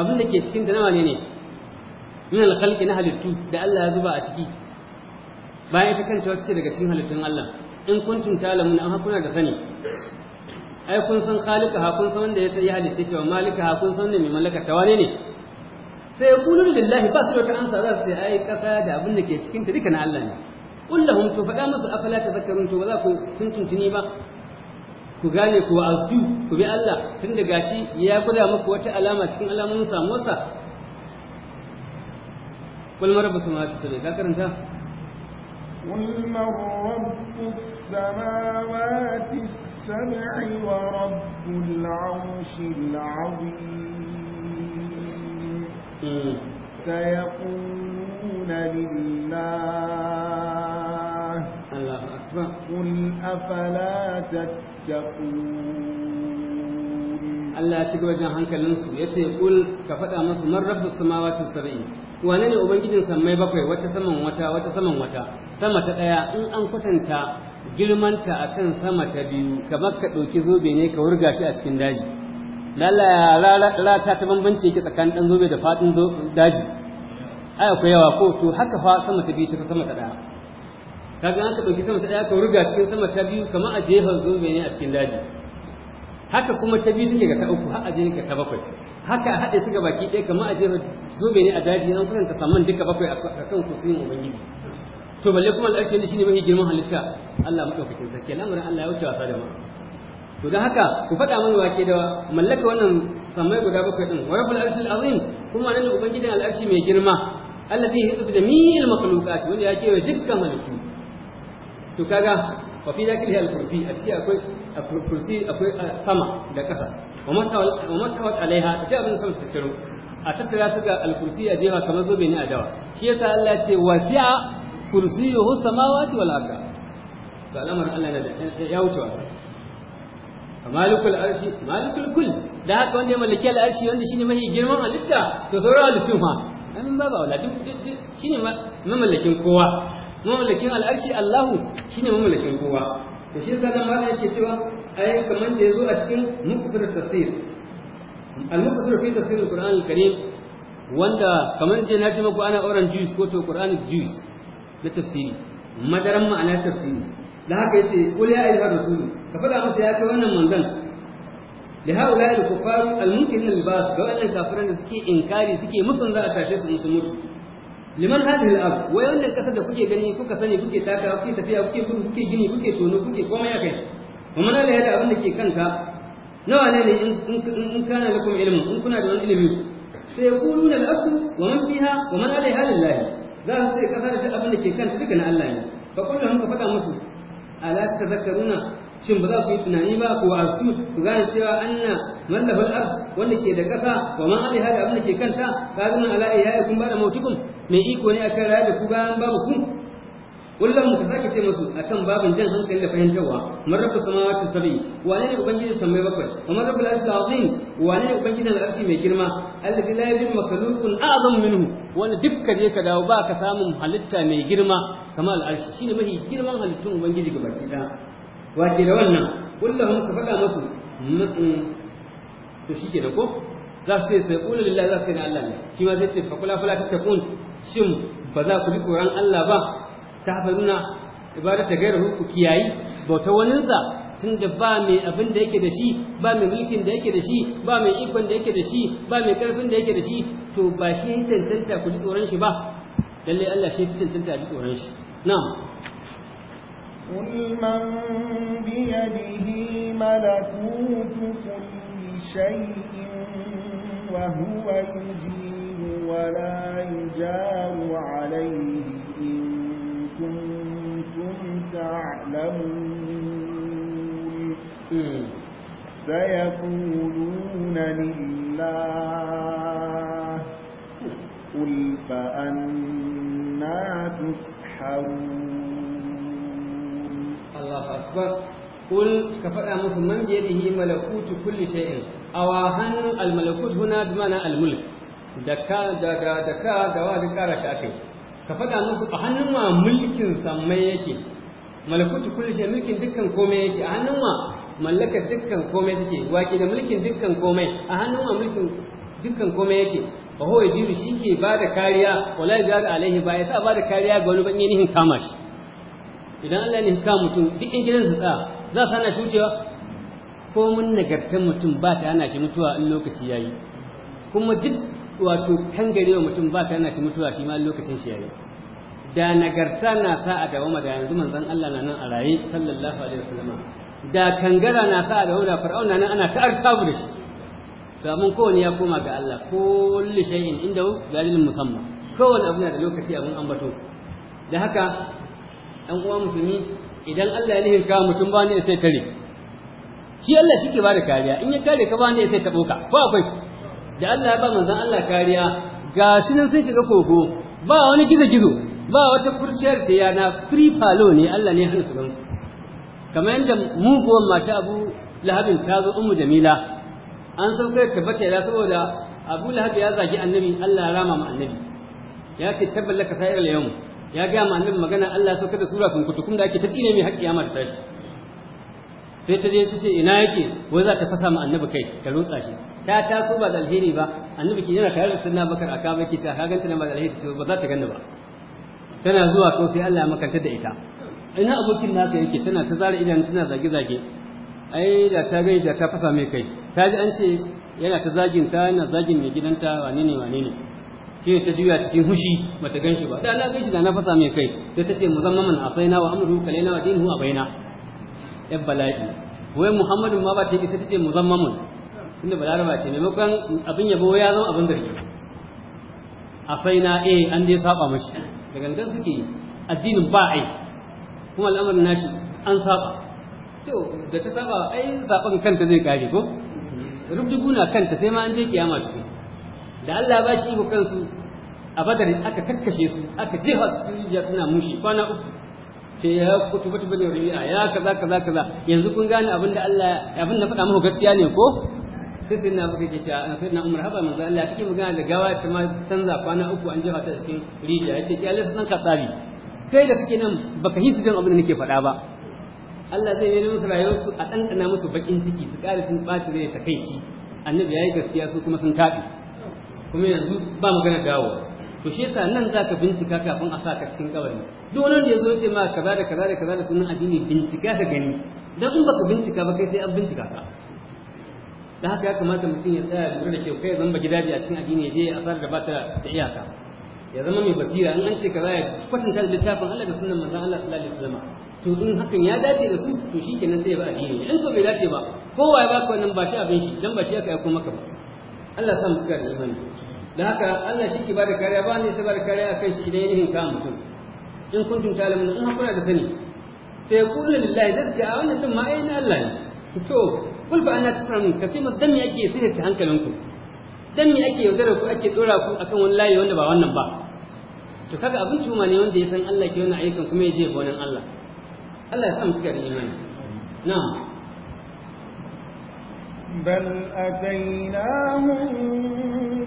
Speaker 2: abin da ke cikin ta nawa ne ne min alkhalqi na halittu da Allah ya zuba a ciki bayan ita kanta wata ce daga cikin halittun Allah in kuntum ta'lamun amma kuna da sani ai kun san khaliqa ha kun san wanda ya halitta ta malika ha kun san wanda mai mallaka ta wane ne sai ya kunu lillahi ba su da wata ansa za su ce ai kasa da abin da ke cikin ta duka na Allah ne kullahum to faɗa musu afala zakarun to ba za ku tuntuntuni ba ku gane ku azu ku bi Allah tun da gashi ya kuda muku wata alama cikin alamun samuwarsa kul marabbatu ma tasabe ka karanta
Speaker 1: قل من رب السماوات السبع ورب العرش العظيم سيقولون لله الله قل أفلا تتقون الله يتقوى
Speaker 2: جاهنك لنسو يقول كفتا مصر من رب السماوات السبعين wane ne ubangijin sammai bakwai wata saman wata wata saman wata sama ta daya in an kwatanta girmanta akan sama ta biyu kamar ka dauki zobe ne ka wurga shi a cikin daji lalla rata ta bambanci ke tsakanin dan zobe da fadin daji ai akwai yawa ko to haka fa sama ta biyu ta sama ta daya kaga an ka dauki sama ta daya ka ruga cikin sama ta biyu kamar a jefa zobe ne a cikin daji haka kuma ta biyu take ga ta uku har a je ka ta bakwai haka a haɗe suka baki ɗaya kamar a jefa zobe ne a daji an ta saman duka bakwai a kan kusurin ubangiji to balle kuma al'ashi ne shine mafi girman halitta Allah madaukakin sarki al'amarin Allah ya wuce wasa da mu to don haka ku faɗa mana wake da mallaka wannan samai guda bakwai din wa rabbul arshil azim kuma nan ubangijin al'arshi mai girma allazi yusuf da mil makhluqat wanda yake wa dukkan malaki to kaga wa fi dakil hal kursi ashi akwai kursi akwai sama da kasa wa man tawal alaiha da abin sama ta ciro a tattara su ga al kursi a jefa kamar zobe ne a dawa shi yasa Allah ya ce wasi'a kursiyuhu samawati wal ardh to alamar Allah ya wuce wasa malikul arshi malikul kul da haka wanda ya mallaki al'arshi wanda shine mahi girman halitta to sauran halittun fa amin babu aula duk shine mamallakin kowa mamallakin al'arshi Allahu shine mamallakin kowa to shi yasa nan malam yake cewa ai kaman da yazo a cikin muqtasar tafsir al-muqtasar fi tafsir al-Qur'an al-Karim wanda kaman je na ce muku ana orange juice ko to Qur'anic juice na tafsiri madaran ma'ana tafsiri da haka yace qul ya ayyuhar rasulu ka faɗa masa ya kai wannan manzon da haula al kufaru al munkirin al bas ga wannan kafiran da suke inkari suke musun za a tashe su musu mutu liman hadhihi al ard wai wannan kasa da kuke gani kuka sani kuke taka kuke tafiya kuke gudu kuke gini kuke tono kuke komai akai wa mana laye da abin da ke kanka nawa ne in kana lakum ilmu in kuna da wani ilimi sai yaqulun al ard wa man fiha wa man alaiha lillahi za su sai kasa da abin da ke kanta duka na Allah ne fa kullum ka faɗa musu ala tazakkaruna shin ba za ku yi tunani ba ku wa'azu ku gane cewa anna mallafal ard wanda ke da ƙasa wa man alaiha da abin da ke kanta qadirun ala iyaikum ba da mautikum mai iko ne akan rayar da ku bayan babu ku kullum mu sake ce musu akan babin jan hankali da fahimtarwa man rabbu samawati sab'i wa ne ubangijin samai bakwai wa man rabbul arshi azim wane ne ubangijin arshi mai girma alladhi la yadin makhluqun a'zam minhu wanda duk ka je ka dawo ba ka samun halitta mai girma kamar al'arshi shine mafi girman halittun ubangiji gabaki ɗaya wake da wannan kullum ka faɗa musu to shi ke da ko za su sai kula lillahi za su kai na Allah ne shi ma zai ce fa kula ta tafun shin ba za ku bi tsoron Allah ba ta ibada ta gairar ku kiyayi bauta waninsa tunda ba mai abin da yake da shi ba mai mulkin da yake da shi ba mai ikon da yake da shi ba mai karfin da yake da shi to ba shi ya cancanta ku ji tsoron shi ba lallai Allah shi ya cancanta ji tsoron shi na'am
Speaker 1: قل من بيده ملكوت كل شيء وهو يجير ولا يجار عليه إن كنتم تعلمون سيقولون لله قل فأنا تسحرون
Speaker 2: Allahu akbar kul ka faɗa musu man bi yadihi malakutu kulli shay'in awa hannun almalakut huna bi mana almulk da ka da da da ka da wa da kara ka kai ka faɗa musu a hannun ma mulkin sammai yake malakutu kulli shay mulkin dukkan komai yake a hannun ma mallaka dukkan komai take waki da mulkin dukkan komai a hannun ma mulkin dukkan komai yake fa huwa yajiru shi ke bada kariya wala yajara alaihi ba ya sa bada kariya ga wani ban yi yanihin kama shi idan Allah ne ka mutum duk in su tsaya za su hana shi wucewa ko mun nagartar mutum ba ta hana shi mutuwa in lokaci yayi kuma duk wato wa mutum ba ta hana shi mutuwa shi ma lokacin shi yayi da nagarta na sa a dawama da yanzu manzon Allah na nan a raye sallallahu alaihi wasallam da kangara na sa a dawama da fir'auna nan ana ta'ar sabu da shi to mun kowane ya koma ga Allah kullu shay'in inda dalilin musamman kowane abu na da lokaci abun ambato da haka ɗan uwa musulmi idan Allah ya lihin ka mutum ba ne sai tare shi Allah shi ke ba da kariya in ya kare ka ba ne sai taɓo ka ko akwai da Allah ya ba manzon Allah kariya ga shi nan sun shiga kogo ba wani gizo-gizo ba wata kurciyar ta yana free falo ne Allah ne hana su gamsu kamar yadda muguwan mata abu lahabin ta zo ummu jamila an saukar tabbata ya saboda abu lahab ya zagi annabi Allah ya rama ma annabi ya ce tabbalaka sa'ir yau ya ga ma annabi magana Allah Sauka da sura sun kun da ake ta tsine mai haƙƙi ya mata tashi sai ta je ta ce ina yake wai za ta fasa ma annabi kai ta rutsa shi ta taso ba da alheri ba annabi ke yana tare da sunna bakar a kama yake ka ganta na ba da alheri ce ba za ta ganni ba tana zuwa ko sai Allah ya makanta da ita ina abokin naka yake tana ta zara idan tana zage zage ai da ta gani da ta fasa mai kai ta ji an ce yana ta zagin ta yana zagin mai gidanta wane ne wane ne shi ta juya cikin hushi mata ganshi ba da Allah ganshi da na fasa mai kai sai ta ce muzammaman asaina wa amru kalaina wa dinu a baina ya bala'i wai muhammadun ma ba ta isa ta ce muzammamun tunda balaraba ce maimakon abin yabo ya zama abin zargi asaina eh an dai saba mashi da gangan suke addinin ba ai kuma al'amarin nashi an saba to da ta saba ai zaben kanta zai kare ko rubdu guna kanta sai ma an je kiyama tukun da Allah ba shi iko kansu a badar aka kakkashe su aka jefa su cikin rijiya suna mushi kwana uku sai ya kutu bata bane a ya kaza kaza kaza yanzu kun gane abin da Allah abin da faɗa muku gaskiya ne ko sai sai na buga kici a sai na Umar haba manzo Allah kike magana da gawa ta ma canza kwana uku an jefa ta cikin rijiya yace ki Allah sun ka tsari kai da kike nan baka hisu jin abin da nake faɗa ba Allah zai yi musu su a ɗanɗana musu baƙin ciki su ƙara cin ɓaci kai ci annabi ya yi gaskiya su kuma sun taɓi kuma yanzu ba magana dawo to shi yasa nan zaka bincika kafin a saka cikin kabari duk wanda yazo ya ce ma kaza da kaza da kaza da sunan addini bincika ka gani dan in baka bincika ba kai sai an bincika ka da haka ya kamata mutum ya tsaya lura da kyau kai ya zama gidaje a cikin addini ya je a tsara da bata da iyaka ya zama mai basira in an ce kaza ya kwatanta da littafin Allah da sunan manzon Allah sallallahu alaihi wasallam to in hakan ya dace da su to shikenan sai ya ba addini in ko bai dace ba kowa ya baka wannan ba shi abin shi dan ba shi aka kuma maka ba Allah sa mu kare imani da haka Allah shi ke ba da kariya ba ne ta ba da kariya akan shi idan yanayin kama mutum in ta ta'lamun ina kuna da sani sai ya kuna lillahi zai ce a wannan din ma ai na Allah ne to kul fa anna tasramun ka ce dan me ake sirri ta hankalinku dan me ake yaudara ku ake tsora ku akan wani layi wanda ba wannan ba to kaga abin tuma ne wanda ya san Allah ke wannan ayyukan kuma ya je gonan Allah Allah ya sa mu cika na. imani
Speaker 1: na'am بل أتيناهم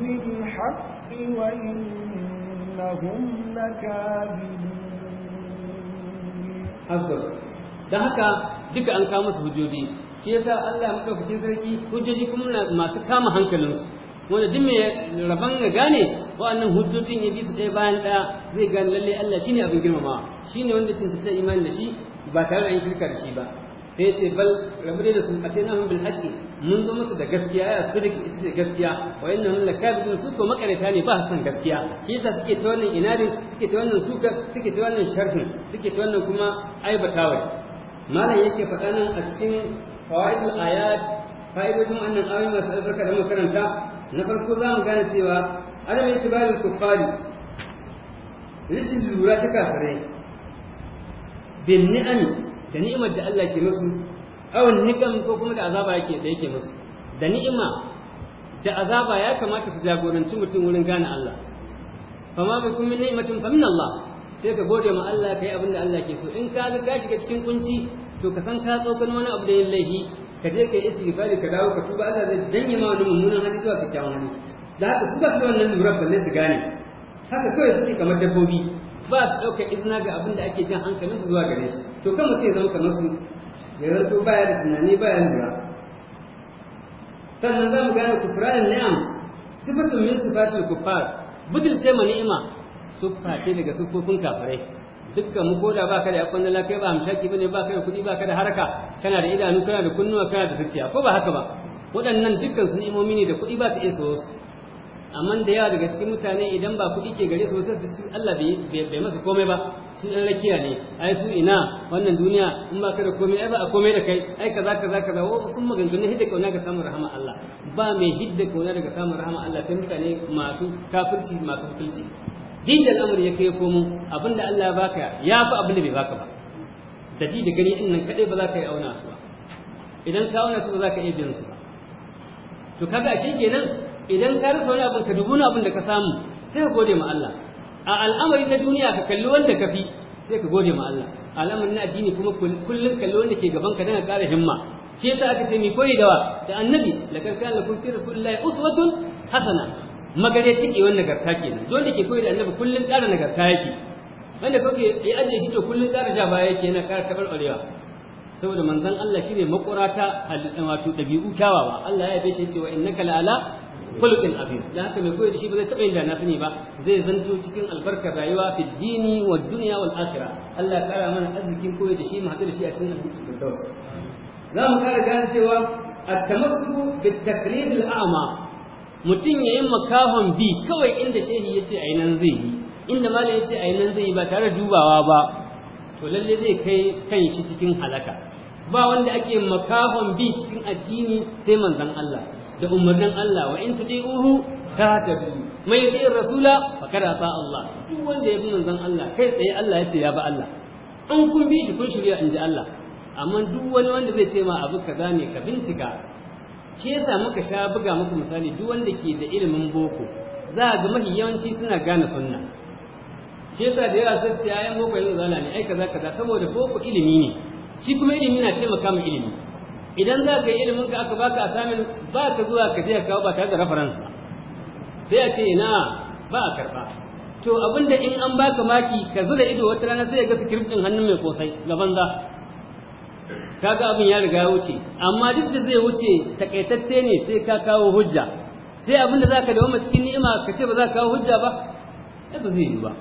Speaker 1: بالحق بالحق وإنهم لكاذبون
Speaker 2: أصدق da haka duka an kawo musu hujjoji shi yasa Allah madaukakin sarki hujjoji kuma masu kama hankalinsu wanda duk mai rabon ya gane wa'annan hujjojin ya bi su ɗaya bayan ɗaya zai gane lalle Allah shine abin girmamawa shine wanda cintace imani da shi ba tare da yin shirka da shi ba sai ce bal rabu da su a sai namun bil haƙƙi. mun zo musu da gaskiya ya sidik ita ce gaskiya wa inna hum lakadibun su ko makareta ne ba su san gaskiya shi yasa suke ta wannan inadin suke ta wannan suka suke ta wannan sharhin suke ta wannan kuma aibatawai? malam yake faɗa nan a cikin fawaidul ayat fa'idojin wannan ayoyi masu albarka da makaranta. karanta na farko za mu gane cewa adam itibarul kuffari rashin lura ta kafare bin ni'ami da ni'imar da Allah ke musu awon nikan ko kuma da azaba yake da yake musu da ni'ima da azaba ya kamata su jagoranci mutum wurin gane Allah fama bi kuma min fa min Allah sai ka gode ma Allah kai abin da Allah ke so in ka ga ka shiga cikin kunci to ka san ka tsokan wani abu da yin laifi ka je ka yi istighfari ka dawo ka tuba Allah zai janye ma wani mummunan hali zuwa kyakkyawan hali da haka su ba wannan lura balle su gane haka kawai suke kamar dabbobi ba su ɗauka izina ga abin da ake jan hankalinsu zuwa gare shi to kan mutum ya zama kamar su ya ba baya da tunani baya lura sannan za mu gane kufranin ni'am sifatun min sifatul kufar budin sai ma ni'ima siffa ce daga siffofin kafirai dukkan mu koda baka da akwai lalla kai ba amshaki bane baka da kuɗi baka da haraka kana da idanu kana da kunnuwa kana da zuciya ko ba haka ba waɗannan dukkan su ni'imomi ne da kuɗi ba ta iya so su amma da yawa daga cikin mutane idan ba kuɗi ke gare su wata su Allah bai masa komai ba su ɗan rakiya ne ai su ina wannan duniya in ba ka da komai ai ba a komai da kai ai kaza kaza kaza wa sun maganganun hidda kauna ga samun rahama Allah ba mai hidda kauna daga samun rahama Allah sai mutane masu kafirci masu hukunci din da al'amari ya kai komo abinda Allah ya baka ya fi abinda bai baka ba da ji da gani in nan kadai ba za ka yi auna su ba idan ka auna su ba za ka iya biyan su ba to kaga ashe kenan idan ka rasa wani abin ka dubu wani abin da ka samu sai ka gode ma Allah a al'amari na duniya ka kalli wanda ka fi sai ka gode ma Allah al'amari na addini kuma kullum kalli wanda ke gaban ka dana ƙara himma ce ta aka ce mi koyi wa da annabi lakar kana kun fi rasulillahi uswatun hasana magare ciki wannan nagarta kenan dole ke koyi da annabi kullum ƙara nagarta yake wanda kake yi ajiye shi to kullum ƙara ja baya yake yana ƙara tabarbarewa saboda manzon Allah shine makurata wato dabi'u kyawawa Allah ya yabe shi cewa innaka la'ala khuluqin azim da haka mai koyi da shi ba zai taɓa yin da na sani ba zai zanto cikin albarkar rayuwa fi dini wa duniya wal akhirah Allah ya kara mana arzikin koyi da shi mu haɗu da shi a cikin albarkar firdaus za mu kara gane cewa at-tamassuku bi taqlid al-a'ma mutum yayin makahon bi kawai inda shehi yace ayi nan zai yi inda malam yace ayi nan zai yi ba tare da dubawa ba to lalle zai kai kan shi cikin halaka ba wanda ake makahon bi cikin addini sai manzon Allah da umarnin Allah wa in ta tahtadu mai yuti'ir rasula kada ta Allah duk wanda ya bi manzon Allah kai tsaye Allah ya ce ya ba Allah an kun bi shi kun shirya in ji Allah amma duk wani wanda zai ce ma abu kaza ne ka bincika shi yasa muka sha buga muku misali duk wanda ke da ilimin boko za a ga mafi yawanci suna gane sunna kesa da yawa sai ce ayan boko yanzu zala ne ai kaza kaza saboda boko ilimi ne shi kuma ilimi na taimaka mu ilimi idan za ka yi ilimin ka aka baka samun ba ka zuwa ka je ka kawo ba tare da reference ba sai a ce na ba a karba to abinda in an baka maki ka zura ido wata rana sai ga script ɗin hannun mai kosai ga banza kaga abin ya riga ya wuce amma duk da zai wuce takaitacce ne sai ka kawo hujja sai abin da ka dawo cikin ni'ima ka ce ba za ka kawo hujja ba ba zai yi ba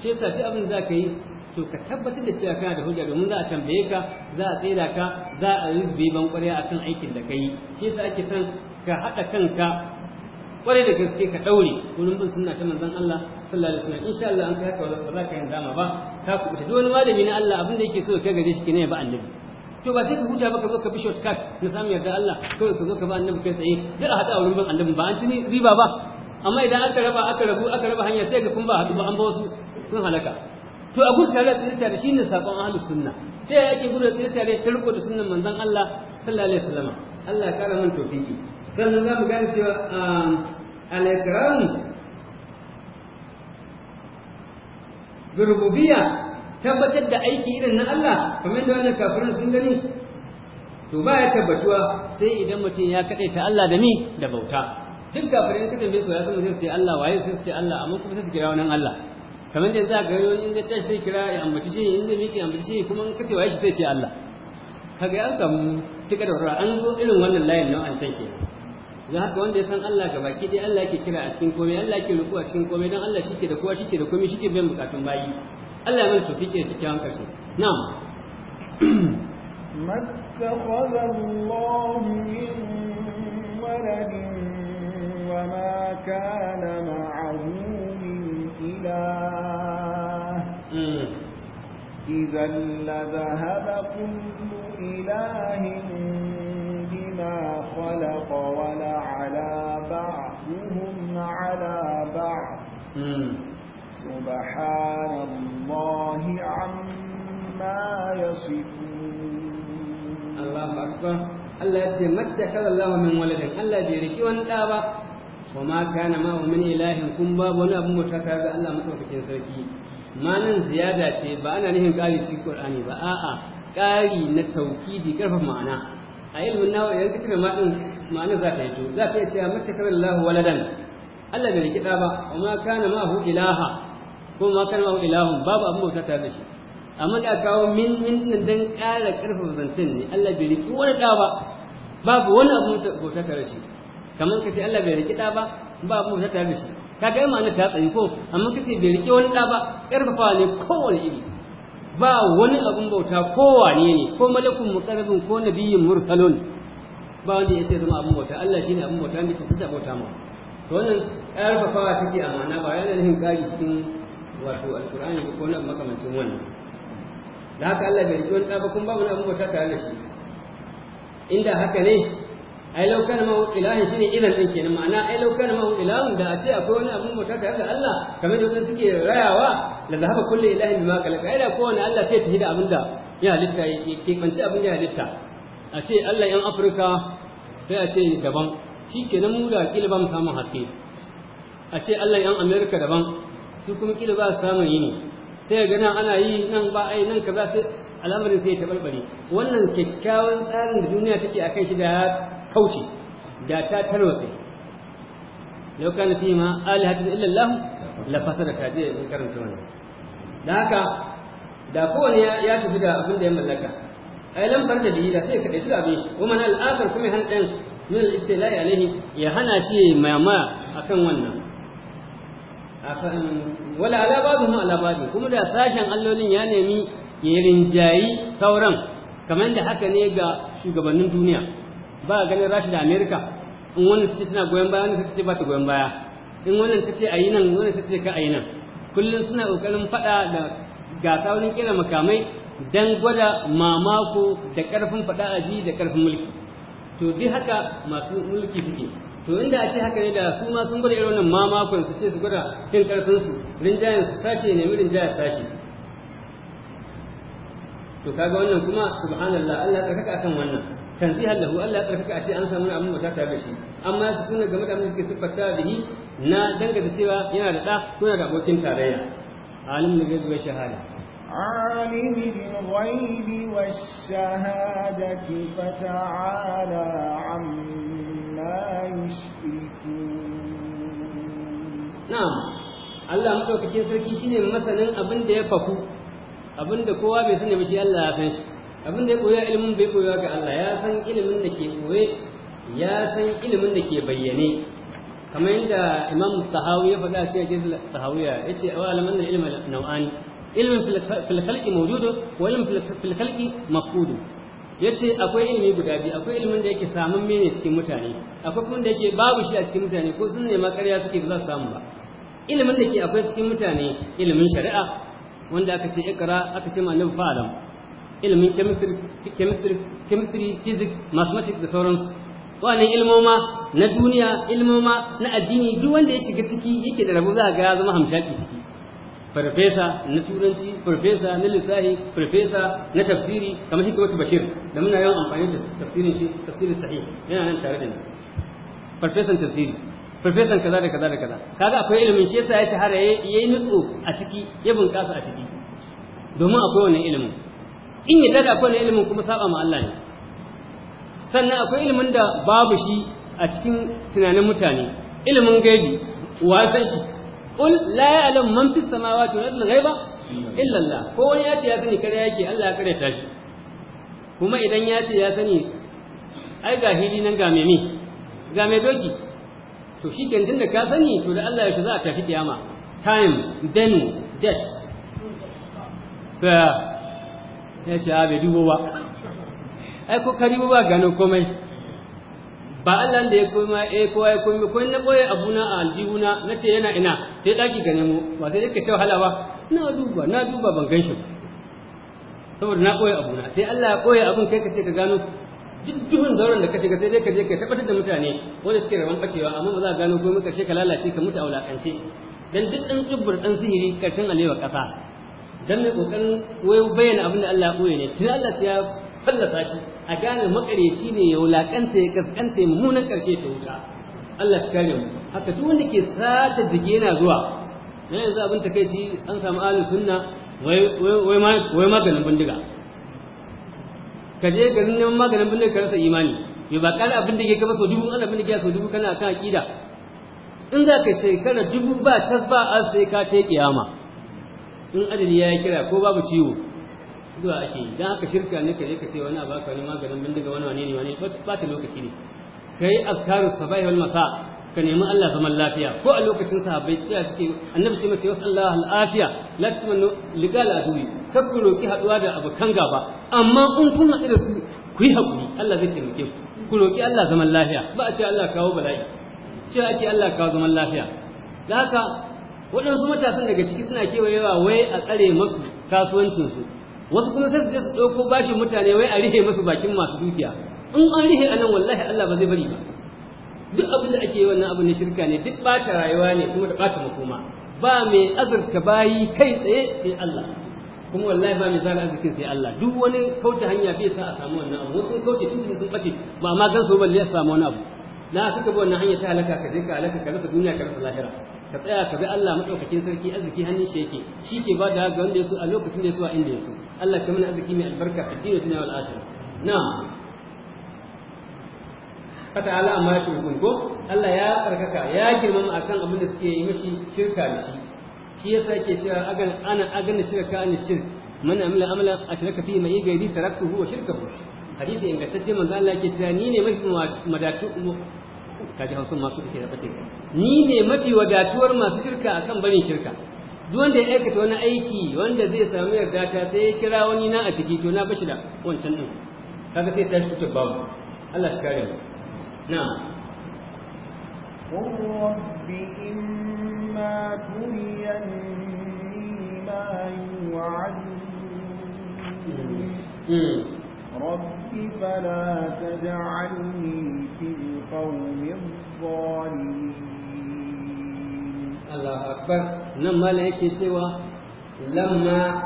Speaker 2: shi yasa duk abin da za ka yi to ka tabbatar da cewa kana da hujja domin za a tambaye ka za a tsira ka za a yi zube ban kwarya akan aikin da kai shi yasa ake son ka haɗa kanka kwarai da gaske ka ɗaure wurin bin sunna ta manzon Allah sallallahu alaihi wasallam insha Allah an kai haka ba za ka yin dama ba ka kubuta duk wani malami na Allah abin da yake so ka gaje shi ke ne ba annabi to ba sai ka huta ba ka zo ka bi shortcut na samu yarda Allah kawai ka zo ka ba annabi kai tsaye duk a haɗa wurin bin annabi ba an ci riba ba amma idan aka raba aka rabu aka raba hanya sai ga kun ba haɗu ba an ba wasu sun halaka to a gudu tare da tare shine sakon ahlus sunna Sai ya yake gudu da tare ta riko da sunnan manzon Allah sallallahu alaihi wasallam Allah ya kara mun tofiki sannan za mu gane cewa um, al-ikram rububiyya tabbatar da aiki irin na Allah kamar da wannan kafirin sun gani to ba ya tabbatuwa sai idan mutum ya ta Allah da ni da bauta duk kafirin suka tambaye su ya san mutum sai Allah waye sai Allah amma kuma sai su kira wannan Allah kamar da za a gari wani ya tashi sai kira ya ambaci shi in zai miƙe ambaci shi kuma in kace waye shi sai ce Allah kaga ya samu tika da warwara an zo irin wannan layin nan an san ke don haka wanda ya san Allah ga baki dai Allah yake kira a cikin komai Allah yake ruku a cikin komai don Allah shike da kowa shike da komai shike biyan bukatun bayi Allah ya mana tofike da kyakkyawan karshe na'am
Speaker 1: مَتَّخَذَ اللَّهُ مِن wa وَمَا كَانَ مَعَهُ الله إذا لذهب كل إله بما خلق ولعلى بعضهم على بعض سبحان الله عما يصفون
Speaker 2: الله أكبر Allah ya ce matta kaza Allah min waladin Allah bai riki wani ɗa ba wa ma kana ma min ilahin kun ba wani abu bauta tare da Allah madaukakin sarki ma nan ziyada ce ba ana nufin kari cikin Qur'ani ba a'a ƙari na tauhidi karfa ma'ana a ilmin nawa idan ka cire ma'anin ma'anar za ta yi to za ta iya cewa mattakar Allah waladan Allah bai rikida ba wa ma kana ma hu ilaha kuma ma kana ma hu ilahun babu abu bauta tare da shi amma da kawo min min nan dan ƙara karfafa zancen ne Allah bai riki wani da ba babu wani abin bauta tare shi kamar ka ce Allah bai riki ɗa ba ba abu ta tare da shi ka ga ma'ana ta tsaye ko amma ka ce bai riki wani ɗa ba ƙarfafa ne kowane iri ba wani abun bauta kowane ne ko malakun muqarrabin ko nabiyyin mursalun ba wanda ya ce zama abun bauta Allah shine abun bauta wanda ce ta bauta ma to wannan ƙarfafawa take ke amana ba yana nufin ƙari cikin wato alƙur'ani ko wani abu makamancin wannan da haka Allah bai riki wani ɗa ba kuma ba wani abun bauta tare da shi inda haka ne ai lau kana mahu shi ne idan din kenan ma'ana ai lau kana mahu ilahun da a ce akwai wani abin bauta tare da Allah kamar da suke rayawa da zahaba kulle ilahin bima khalaqa ai da kowane Allah sai ta hida da ya halitta ke banci abin da ya halitta a ce Allah yan Afirka sai a ce daban shikenan mu da kila ba mu samun haske a ce Allah yan Amerika daban su kuma kila ba su samun yini sai ga nan ana yi nan ba ai nan za su al'amarin sai ya tabarbare wannan kyakkyawan tsarin da duniya take akan shi da kauce da ta tarwatse lau kana fi ma alhaji illa Allah la fasada ta je in karanta wannan da haka da kowane ya tafi da abin da ya mallaka ai lambar da biyu da sai ka dace abin shi kuma na al'akar kuma han dan min al-ibtilai alaihi ya hana shi mama akan wannan wala ala ba'dhum ala ba'd kuma da sashen allolin ya nemi ya rinjayi sauran kamar da haka ne ga shugabannin duniya ba a ganin rashi da amerika in wannan ta ce tana goyon baya wannan ta ce ba ta goyon baya in wannan ta ce a yi nan wannan ta ce ka a yi nan kullum suna ƙoƙarin faɗa da gasa wurin kera makamai don gwada mamako da ƙarfin faɗa a ji da ƙarfin mulki to duk haka masu mulki suke to inda a ce haka ne da su ma sun gwada irin wannan mamakon su ce su gwada fin ƙarfinsu rinjayen su sashe mirin jaya sashe to kaga wannan kuma subhanallah Allah ya tsarkaka akan wannan tanzihan lahu Allah ya tsarkaka a ce an samu abin bauta tare da shi amma su kuna game da abin da suke siffanta bihi na dangata cewa yana da ɗa ko da abokin tarayya alim da gaibu ga shahada
Speaker 1: عالم الغيب والشهادة فتعالى عما يشركون
Speaker 2: نعم الله مدوكاكين سركي شيني مثلا أبن ده يفكو أبن ده كوا بيسني بشي الله يفنشي abin da ya koya ilimin bai koya ga Allah ya san ilimin da ke koye ya san ilimin da ke bayyane kamar yadda imam sahawi ya faɗa shi a cikin sahawiya ya ce a alaman da ilimin nau'ani ilimin filhalki mawjudu wa ilimin filhalki mafudu ya ce akwai ilimi guda biyu akwai ilimin da yake samun mene cikin mutane akwai kuma da yake babu shi a cikin mutane ko sun nema ƙarya suke ba za su samu ba ilimin da ke akwai cikin mutane ilimin shari'a wanda aka ce ikra aka ce ma annabi fa'alam ilmin chemistry physics mathematics da sauransu wannan ilmoma na duniya ilmoma na addini duk wanda ya shiga ciki yake da rabo za ga ya zama hamshaki ciki farfesa na turanci farfesa na lissahi farfesa na tafsiri kamar hikmatu bashir da muna yawan amfani da tafsirin shi tafsirin sahih yana nan tare da ni farfesan tafsiri farfesan kaza da kaza da kaza kaga akwai ilimin shi yasa ya shahara yayi nutsu a ciki ya bunkasa a ciki domin akwai wannan ilimin in yadda da akwai ilimin kuma saba ma Allah ne sannan akwai ilimin da babu shi a cikin tunanin mutane ilimin gaibi wa san shi qul la ya'lamu man fis samawati wal ardi ghaiba illa Allah ko wani ya ce ya sani kare yake Allah ya kare ta shi kuma idan ya ce ya sani ai ga hili nan ga meme ga mai doki to shi gandun da ka sani to da Allah ya shi za a tashi kiyama time then death ya ce a bai dubo ba ai ko ka dubo ba gano komai ba Allah da ya koma eh kowa ya komi ko na boye abuna a aljihuna na ce yana ina sai daki gane mu ba sai ka ta wahala ba na duba na duba ban gan shi saboda na boye abuna sai Allah ya boye abun kai ka ce ka gano duk duhun zauren da ka shiga sai dai ka je ka tabbatar da mutane wanda suke rawan bacewa amma ba za ka gano komai karshe ka lalace ka mutu a wulakance dan duk ɗan tsubbur ɗan sihiri karshen alewa ƙasa. dan mai kokarin wai bayyana abin da Allah koyi ne tun Allah ya fallasa shi a gane makareci ne ya wulakanta ya kaskanta ya mummunan karshe ta wuta Allah shi kare mu haka duk wanda ke sata jige yana zuwa na yanzu abin ta shi an samu ahlus sunna wai maganin bindiga ka je garin neman maganin bindiga ka rasa imani yo ba kana abin da ke kama sau dubu ana bindiga sau dubu kana kan akida in za ka shekara dubu ba tas ba sai ka ce kiyama in adadi ya yi kira ko babu ciwo zuwa ake yi don haka shirka ne ka ka ce wani abu aka wani maganin bindiga wani wane ne wani ba ta lokaci ne ka yi azkaru sabai wal masa ka nemi Allah zaman lafiya ko a lokacin sahabbai cewa suke annabi ce masa Allah al'afiya la tamannu liqal adui kar ku roki haduwa da abokan gaba amma in kun haɗu da su ku yi hakuri Allah zai taimake ku ku roki Allah zaman lafiya ba a ce Allah kawo bala'i ce ake Allah kawo zaman lafiya da haka waɗansu matasan daga ciki suna kewayewa wai a tsare masu kasuwancinsu wasu kuma sai su je su ɗauko bashin mutane wai a rihe masu bakin masu dukiya in an rihe a nan wallahi Allah ba zai bari ba duk abin da ake yi wannan abin na shirka ne duk ɓata rayuwa ne kuma da ɓata makoma ba mai azurta bayi kai tsaye sai Allah kuma wallahi ba mai zara azurkin sai Allah duk wani kauce hanya bai sa a samu wannan abu wasu kauce tun sun ɓace ba ma gan so balle a samu wani abu na suka bi wannan hanya ta halaka ka je ka halaka ka rasa duniya ka rasa lahira ka tsaya ka bi Allah madaukakin sarki arziki hannun shi yake shi ke ba da ga wanda ya a lokacin da ya a inda ya Allah ka mana arziki mai albarka a dinin dunya wal akhirah na'am fata ala amma shi mun ko Allah ya tsarkaka ya girmama akan abin da suke yi mishi shirka da shi shi yasa yake cewa agan ana agan shirka an shirk man amila amala ashraka fi mai gairi taraktuhu wa shirkahu hadisi ingantacce manzo Allah yake cewa ni ne mafi madatu kaji hausun masu kike da bace ni ne mafi wadatuwar masu shirka akan barin shirka duk wanda ya aikata wani aiki wanda zai samu yarda ta sai ya kira wani na a ciki to na bashi da wancan din kaga sai ta shuka babu Allah shi kare mu na
Speaker 1: رب إما تريني ما يوعدون رب فلا تجعلني في القوم الظالمين
Speaker 2: Allah akbar nan mala yake cewa lamma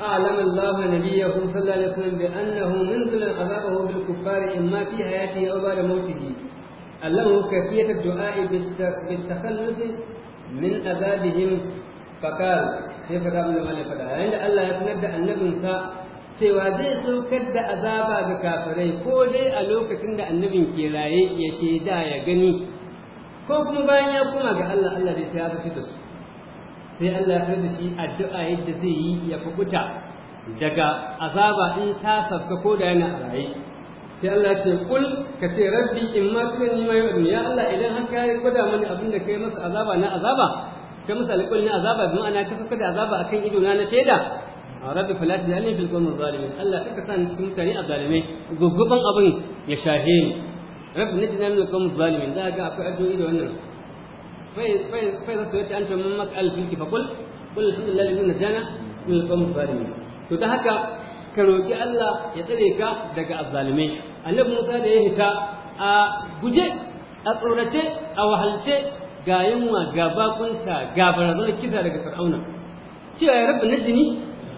Speaker 2: أعلم الله نبيه صلى الله عليه وسلم بأنه منزل عذابه بالكفار إما في حياته أو بعد موته علمه كيفية الدعاء بالتخلص من عذابهم فقال كيف كان من فدا عند الله يسند النبي سا cewa zai saukar da azaba ga kafirai ko dai a lokacin da annabin ke raye ya shaida ya gani ko kuma bayan ya koma ga Allah Allah zai sai ya fitar da su sai Allah ya fi shi addu'a yadda zai yi ya fukuta daga azaba in ta sabka ko da yana raye sai Allah ya ce kul ka ce rabbi in ma tuka ni mai wani ya Allah idan har kai gwada mani abin da kai masa azaba na azaba kai masa alƙul na azaba bi ma'ana ka saka da azaba akan ido na na shaida rabbi fala tajalni fil qawmi zalimin Allah kika sa cikin mutane azzalimai gugguban abin ya shahe ni rabb najina min al-qawmi zalimin da ga akwai addu'o'i da wannan fai fai fai zaka an anta min maqal fil fa qul lalata alhamdulillahi alladhi najana min al zalimin to ta haka ka roki Allah ya tsare ka daga azzalimai annabi Musa da ya hita a guje a tsorace a wahalce ga yunwa ga bakunta ga barazanar kisa daga fir'auna cewa ya rabbi najini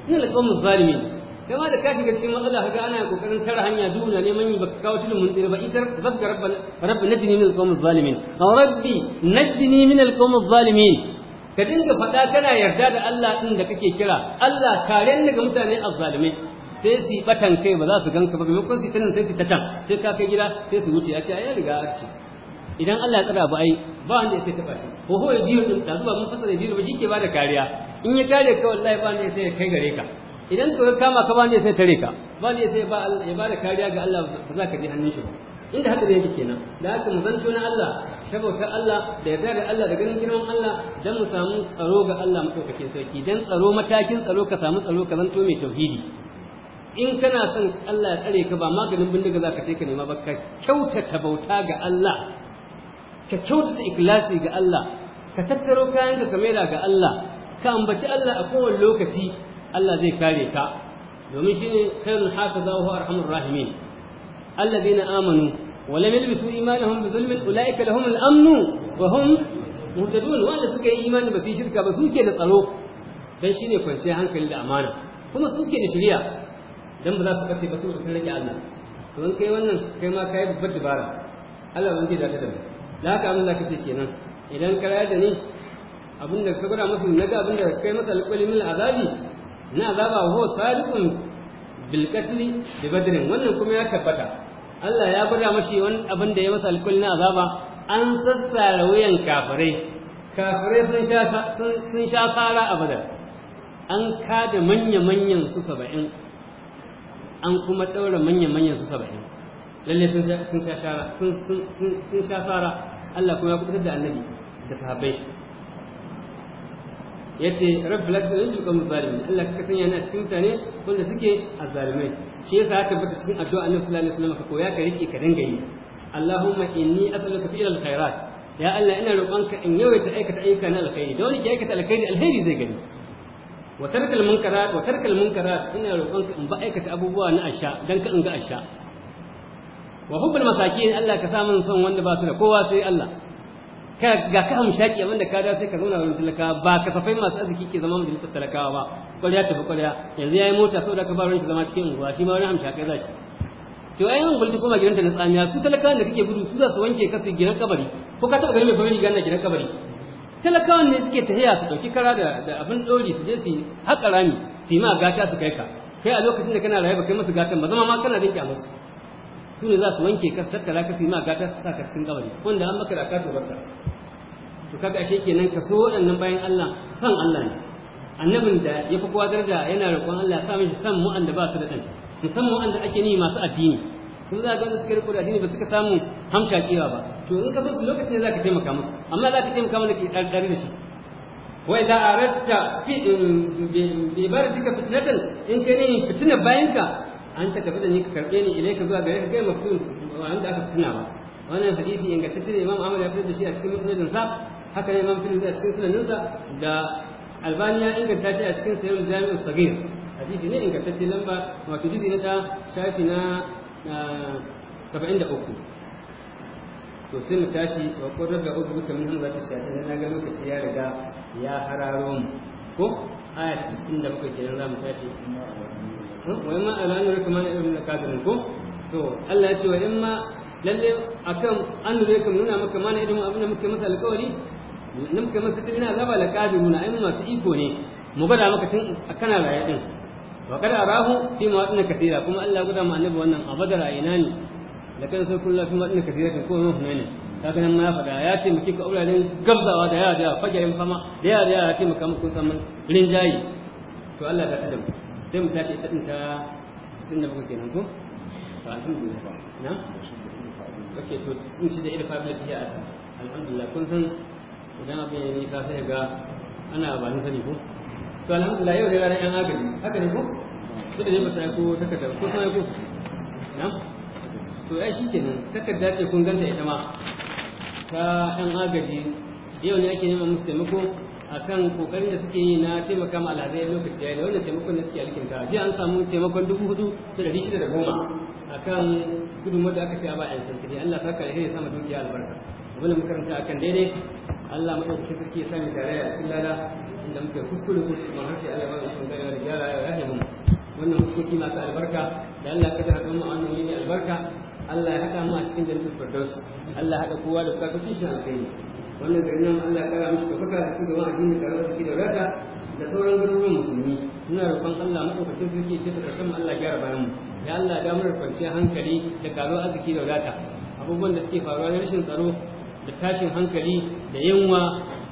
Speaker 2: min al-qawmi zalimin kama da kashi ga cikin matsala kaga ana kokarin tara hanya duniya ne yi baka kawo tilin mun tsira ba itar zabka rabbana rabbi najini min alqawmi zalimin rabbi najini min alqawmi zalimin ka dinga faɗa kana yarda da Allah din da kake kira Allah karen daga mutane azzalimi sai su yi batan kai ba za su ganka ba maimakon su tunan sai su ta can sai ka kai gida sai su wuce a ce ai riga a ce idan Allah ya tsara ba ai ba wanda ya sai taba shi ko ho ya jiro da zuwa mun fasara jiro ba shi ke bada kariya in ya kare ka wallahi ba wanda ya sai kai gare ka idan ka kama ka ba ne sai tare ka ba ne sai ba ya ba da kariya ga Allah ba za ka ji hannun shi ba inda haka da yake kenan da haka mu san na Allah saboda Allah da yarda da Allah da ganin girman Allah dan mu samu tsaro ga Allah ke sarki dan tsaro matakin tsaro ka samu tsaro ka zanto mai tauhidi in kana son Allah ya tsare ka ba maganin bindiga za ka sai ka nema ba ka kyautata bauta ga Allah ka kyautata ikhlasi ga Allah ka tattaro kayan ka kamera ga Allah ka ambaci Allah a kowane lokaci Allah zai kare ka domin shi ne khairul hafiza wa arhamur rahimin na amanu wa lam yalbisu imanahum bi zulmin ulaika lahumul amnu wa hum muhtadun wanda suka yi imani ba su shirka ba ke da tsaro don shi ne kwanciyar hankali da amana kuma su ke da shari'a don ba za su kace ba su sun rage Allah to in kai wannan kai ma kai babbar dabara Allah zai dace da mu da haka za ka kace kenan idan ka raya da ni abin da ka gwada musu na ga abin da kai masa alƙalin azabi na azaba wa sadiqun bil qatl bi badr wannan kuma ya tabbata Allah ya gwada mashi wani abin da ya masa alkul na azaba an sassara wuyan kafirai kafirai sun sha sun sha tsara a badar an kada manya-manyan su saba'in an kuma ɗaura manya-manyan su saba'in lalle sun sha tsara Allah kuma ya kubutar da annabi da sahabbai ya ce rabbi lafi zan tuka mu zalimin Allah ka sanya ni a cikin mutane wanda suke a zalimai shi yasa aka bata cikin addu'a annabi sallallahu alaihi wasallam ka koya ka rike ka dinga yi Allahumma inni as'aluka fi al-khairat ya Allah ina roƙonka in yawaita aikata ayyuka na alkhairi da wani ke aikata alkhairi alheri zai gani wa tarkal munkarat wa tarkal munkarat ina roƙonka in ba aikata abubuwa na asha dan ka in ga asha wa hubbul masakin Allah ka sa son wanda ba su da kowa sai Allah ga ka hamshaki abin da ka da sai ka zauna wurin talakawa ba kasafai masu arziki ke zama majalisar talakawa ba kwarya tafi kwarya yanzu ya yi mota saboda ka ba ruwan shi zama cikin unguwa shi ma wani hamshakai za shi to ai yan gulbi koma gidanta na tsamiya su talakawan da kake gudu su za su wanke ka gidan kabari ko ka taɓa ganin mai farin riga na gidan kabari talakawan ne suke tahiya su ɗauki kara da abin ɗori su je su haƙa rami su yi ma gata su kai ka kai a lokacin da kana raye ba kai masu gatan ba zama ma kana dinki masu su ne za su wanke ka tattara ka fi ma gata su ka cikin gabari wanda an maka da ka tubarta to kaga ashe kenan ka so waɗannan bayan Allah san Allah ne annabin da ya fi kowa daraja yana roƙon Allah ya sa mishi san mu da ba su da dan musamman wanda ake ni masu addini kuma za ga suka riko da addini ba suka samu hamsha kewa ba to in ka so su lokacin ne za ka taimaka musu amma za ka taimaka mana ke dare da shi wai da aratta fi bi baratika fitnatan in kai ne fitinar ka. an ka tafi da ni ka karbe ni ilai ka zuwa gare ka kai maktun wanda aka tuna ba wannan hadisi ta ne imam ahmad ya fi da shi a cikin musnadin sa haka ne imam tirmidhi a cikin sunan sa da albaniya ya inganta shi a cikin sayyid jami'u sagir hadisi ne ce lamba wato jizi na ta shafi na 73 to sai mu tashi wa kodar da ubu ka min ta shafi na ga lokaci ya riga ya hararo mu ko aya 67 kenan za mu tashi wa imma ala an yuraka mana irin kafirin ko to Allah ya ce wa imma lalle akan an yuraka nuna maka mana irin abin da muke masa alƙawari nan muke masa tilina azaba la kadiruna ai masu iko ne mu gada maka tun kana raye din wa kada arahu fi mawadin kathira kuma Allah ya guda ma annabi wannan a abadara ina ne da kan sai kullu fi mawadin kathira kan ko mun ne kaga nan ma fada ya ce muke ka auraren gabzawa da yaya da fajarin fama da yaya da yaya ya ce muka mun kun san mun rinjayi to Allah ya tada mu mutu mu ta ita sun da 67 kenan ko to alhamdulillah na kake to in shi da ila family shi alhamdulillah kun san idan abin ya nisa sai ga ana ba ni sani ko to alhamdulillah yau da ranar yan agaji haka ne ko sai da ne mutane ko takarda ko sai ko na to ai shikenan takarda ce kun ganta ita ma ta yan agaji yau ne ake neman musu taimako akan kokarin da suke yi na taimaka ma alhazai lokaci yayi da wannan taimakon da suke ta jiya an samu taimakon dubu hudu da dari shida da goma akan gudunmawar da aka sha ba a ba yan sarki Allah ta kare ya sama dukiya albarka abin makaranta akan daidai Allah madaukakin sarki ya sami tare a cikin lada inda muke kuskure ko kuma harshe Allah ba mu gani da gyara ya yahe mu wannan huskoki masu albarka da Allah ya kaddara mu a wannan albarka Allah ya haɗa mu a cikin jannatul firdaus Allah ya haɗa kowa da bukatun shi alkhairi wannan garin nan Allah kara mishi ɗaukaka da ci gaban addinin karamar sarki da rata da sauran garuruwan musulmi muna roƙon Allah maɗaukakin sarki ya tafi mu Allah gyara bayan mu ya Allah da mu kwanciyar hankali da karuwar arziki da wadata abubuwan da suke faruwa na rashin tsaro da tashin hankali da yunwa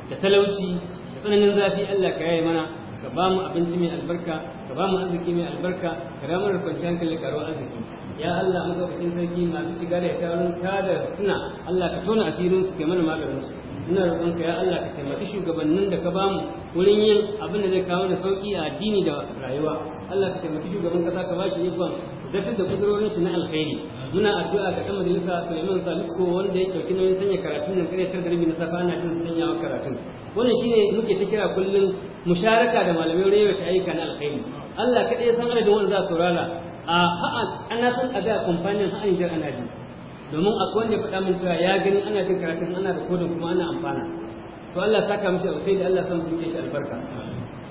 Speaker 2: da talauci da tsananin zafi Allah ka yaye mana ka ba mu abinci mai albarka ka ba mu arziki mai albarka ka da mu kwanciyar hankali da karuwar arziki ya Allah madaukakin sarki masu shiga da ya tarun tada suna Allah ka tona asirin su mana maganin su ina roƙonka ya Allah ka taimaki shugabannin da ka bamu wurin yin abin da zai kawo da sauƙi a addini da rayuwa Allah ka taimaki shugaban kasa ka bashi ikon zafin da kudurorin shi na alkhairi muna addu'a ga ɗan majalisa Suleiman Salisko wanda ya ɗauki nauyin sanya karatun nan kare tar da rabi na safa ana cin wa karatun wannan shine muke ta kira kullum musharaka da malamai wurin yau ta ayyuka na alkhairi Allah kaɗai ya san adadin wanda za a saurara a ha'a ana san a da kumfanin ha'an jar anaji. domin a wanda faɗa min cewa ya gani ana jin karatun ana da kodin kuma ana amfana to Allah saka mishi alkhairi da Allah san duke shi albarka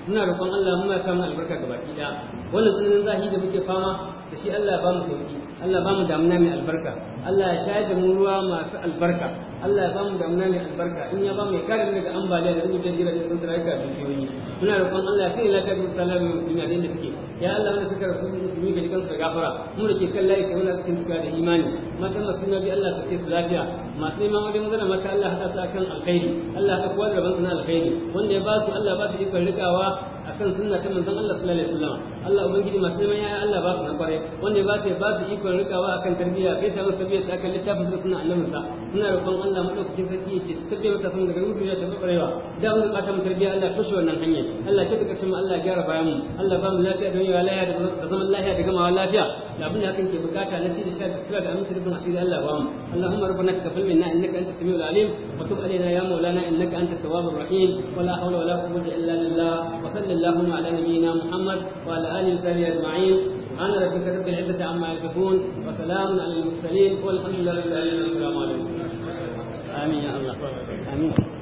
Speaker 2: muna roƙon Allah mu ya samu albarka ga baki ɗaya wannan tsananin zahi da muke fama da shi Allah ya bamu sauki Allah ba mu damuna mai albarka Allah ya shayar da mu ruwa masu albarka Allah ya bamu damuna mai albarka in ya ba mu ya kare mu daga ambaliya da rubuta jira da tsantsara ka dukiyoyi muna roƙon Allah sai ya lafiya da salamu mai musulmi a da suke ya Allah wanda suka rasu musulmi ga cikin gafara mu da ke kan layi kai wanda suka da imani mata Allah bi Allah sake su lafiya masu neman wajen magana mata Allah haɗa su akan alkhairi Allah haɗa kowa da rabon alkhairi wanda ya ba su Allah ba su ikon rikawa akan sunna ta manzon Allah sallallahu alaihi wasallam Allah ubangiji masu neman yaya Allah ba su na kware wanda ya ba su ya ba su ikon rikawa akan tarbiyya kai ta masa biyar akan littafin da suna annabi sa muna roƙon Allah madaukakin sarki ya ce tarbiyya ta sun daga rubuta ta tsarewa da mun buƙatar tarbiyya Allah kashe wannan hanyar Allah ya tuka kashin Allah gyara bayan mu Allah ba mu lafiya da yawa lafiya da zaman lafiya da gamawa lafiya da abin da hakan ke bukata na ci da sha da da aminci rubin asiri Allah ba mu Allahumma rabbana taqabbal minna innaka antas samiul alim wa tub alaina ya maulana innaka antat tawwabur rahim wa la hawla wa la quwwata illa billah wa sallallahu ala nabiyyina Muhammad wa ala alihi wa sahbihi ajma'in سبحان ربك رب العزة عما يصفون وسلام على المرسلين والحمد لله رب العالمين السلام عليكم
Speaker 1: آمين يا الله آمين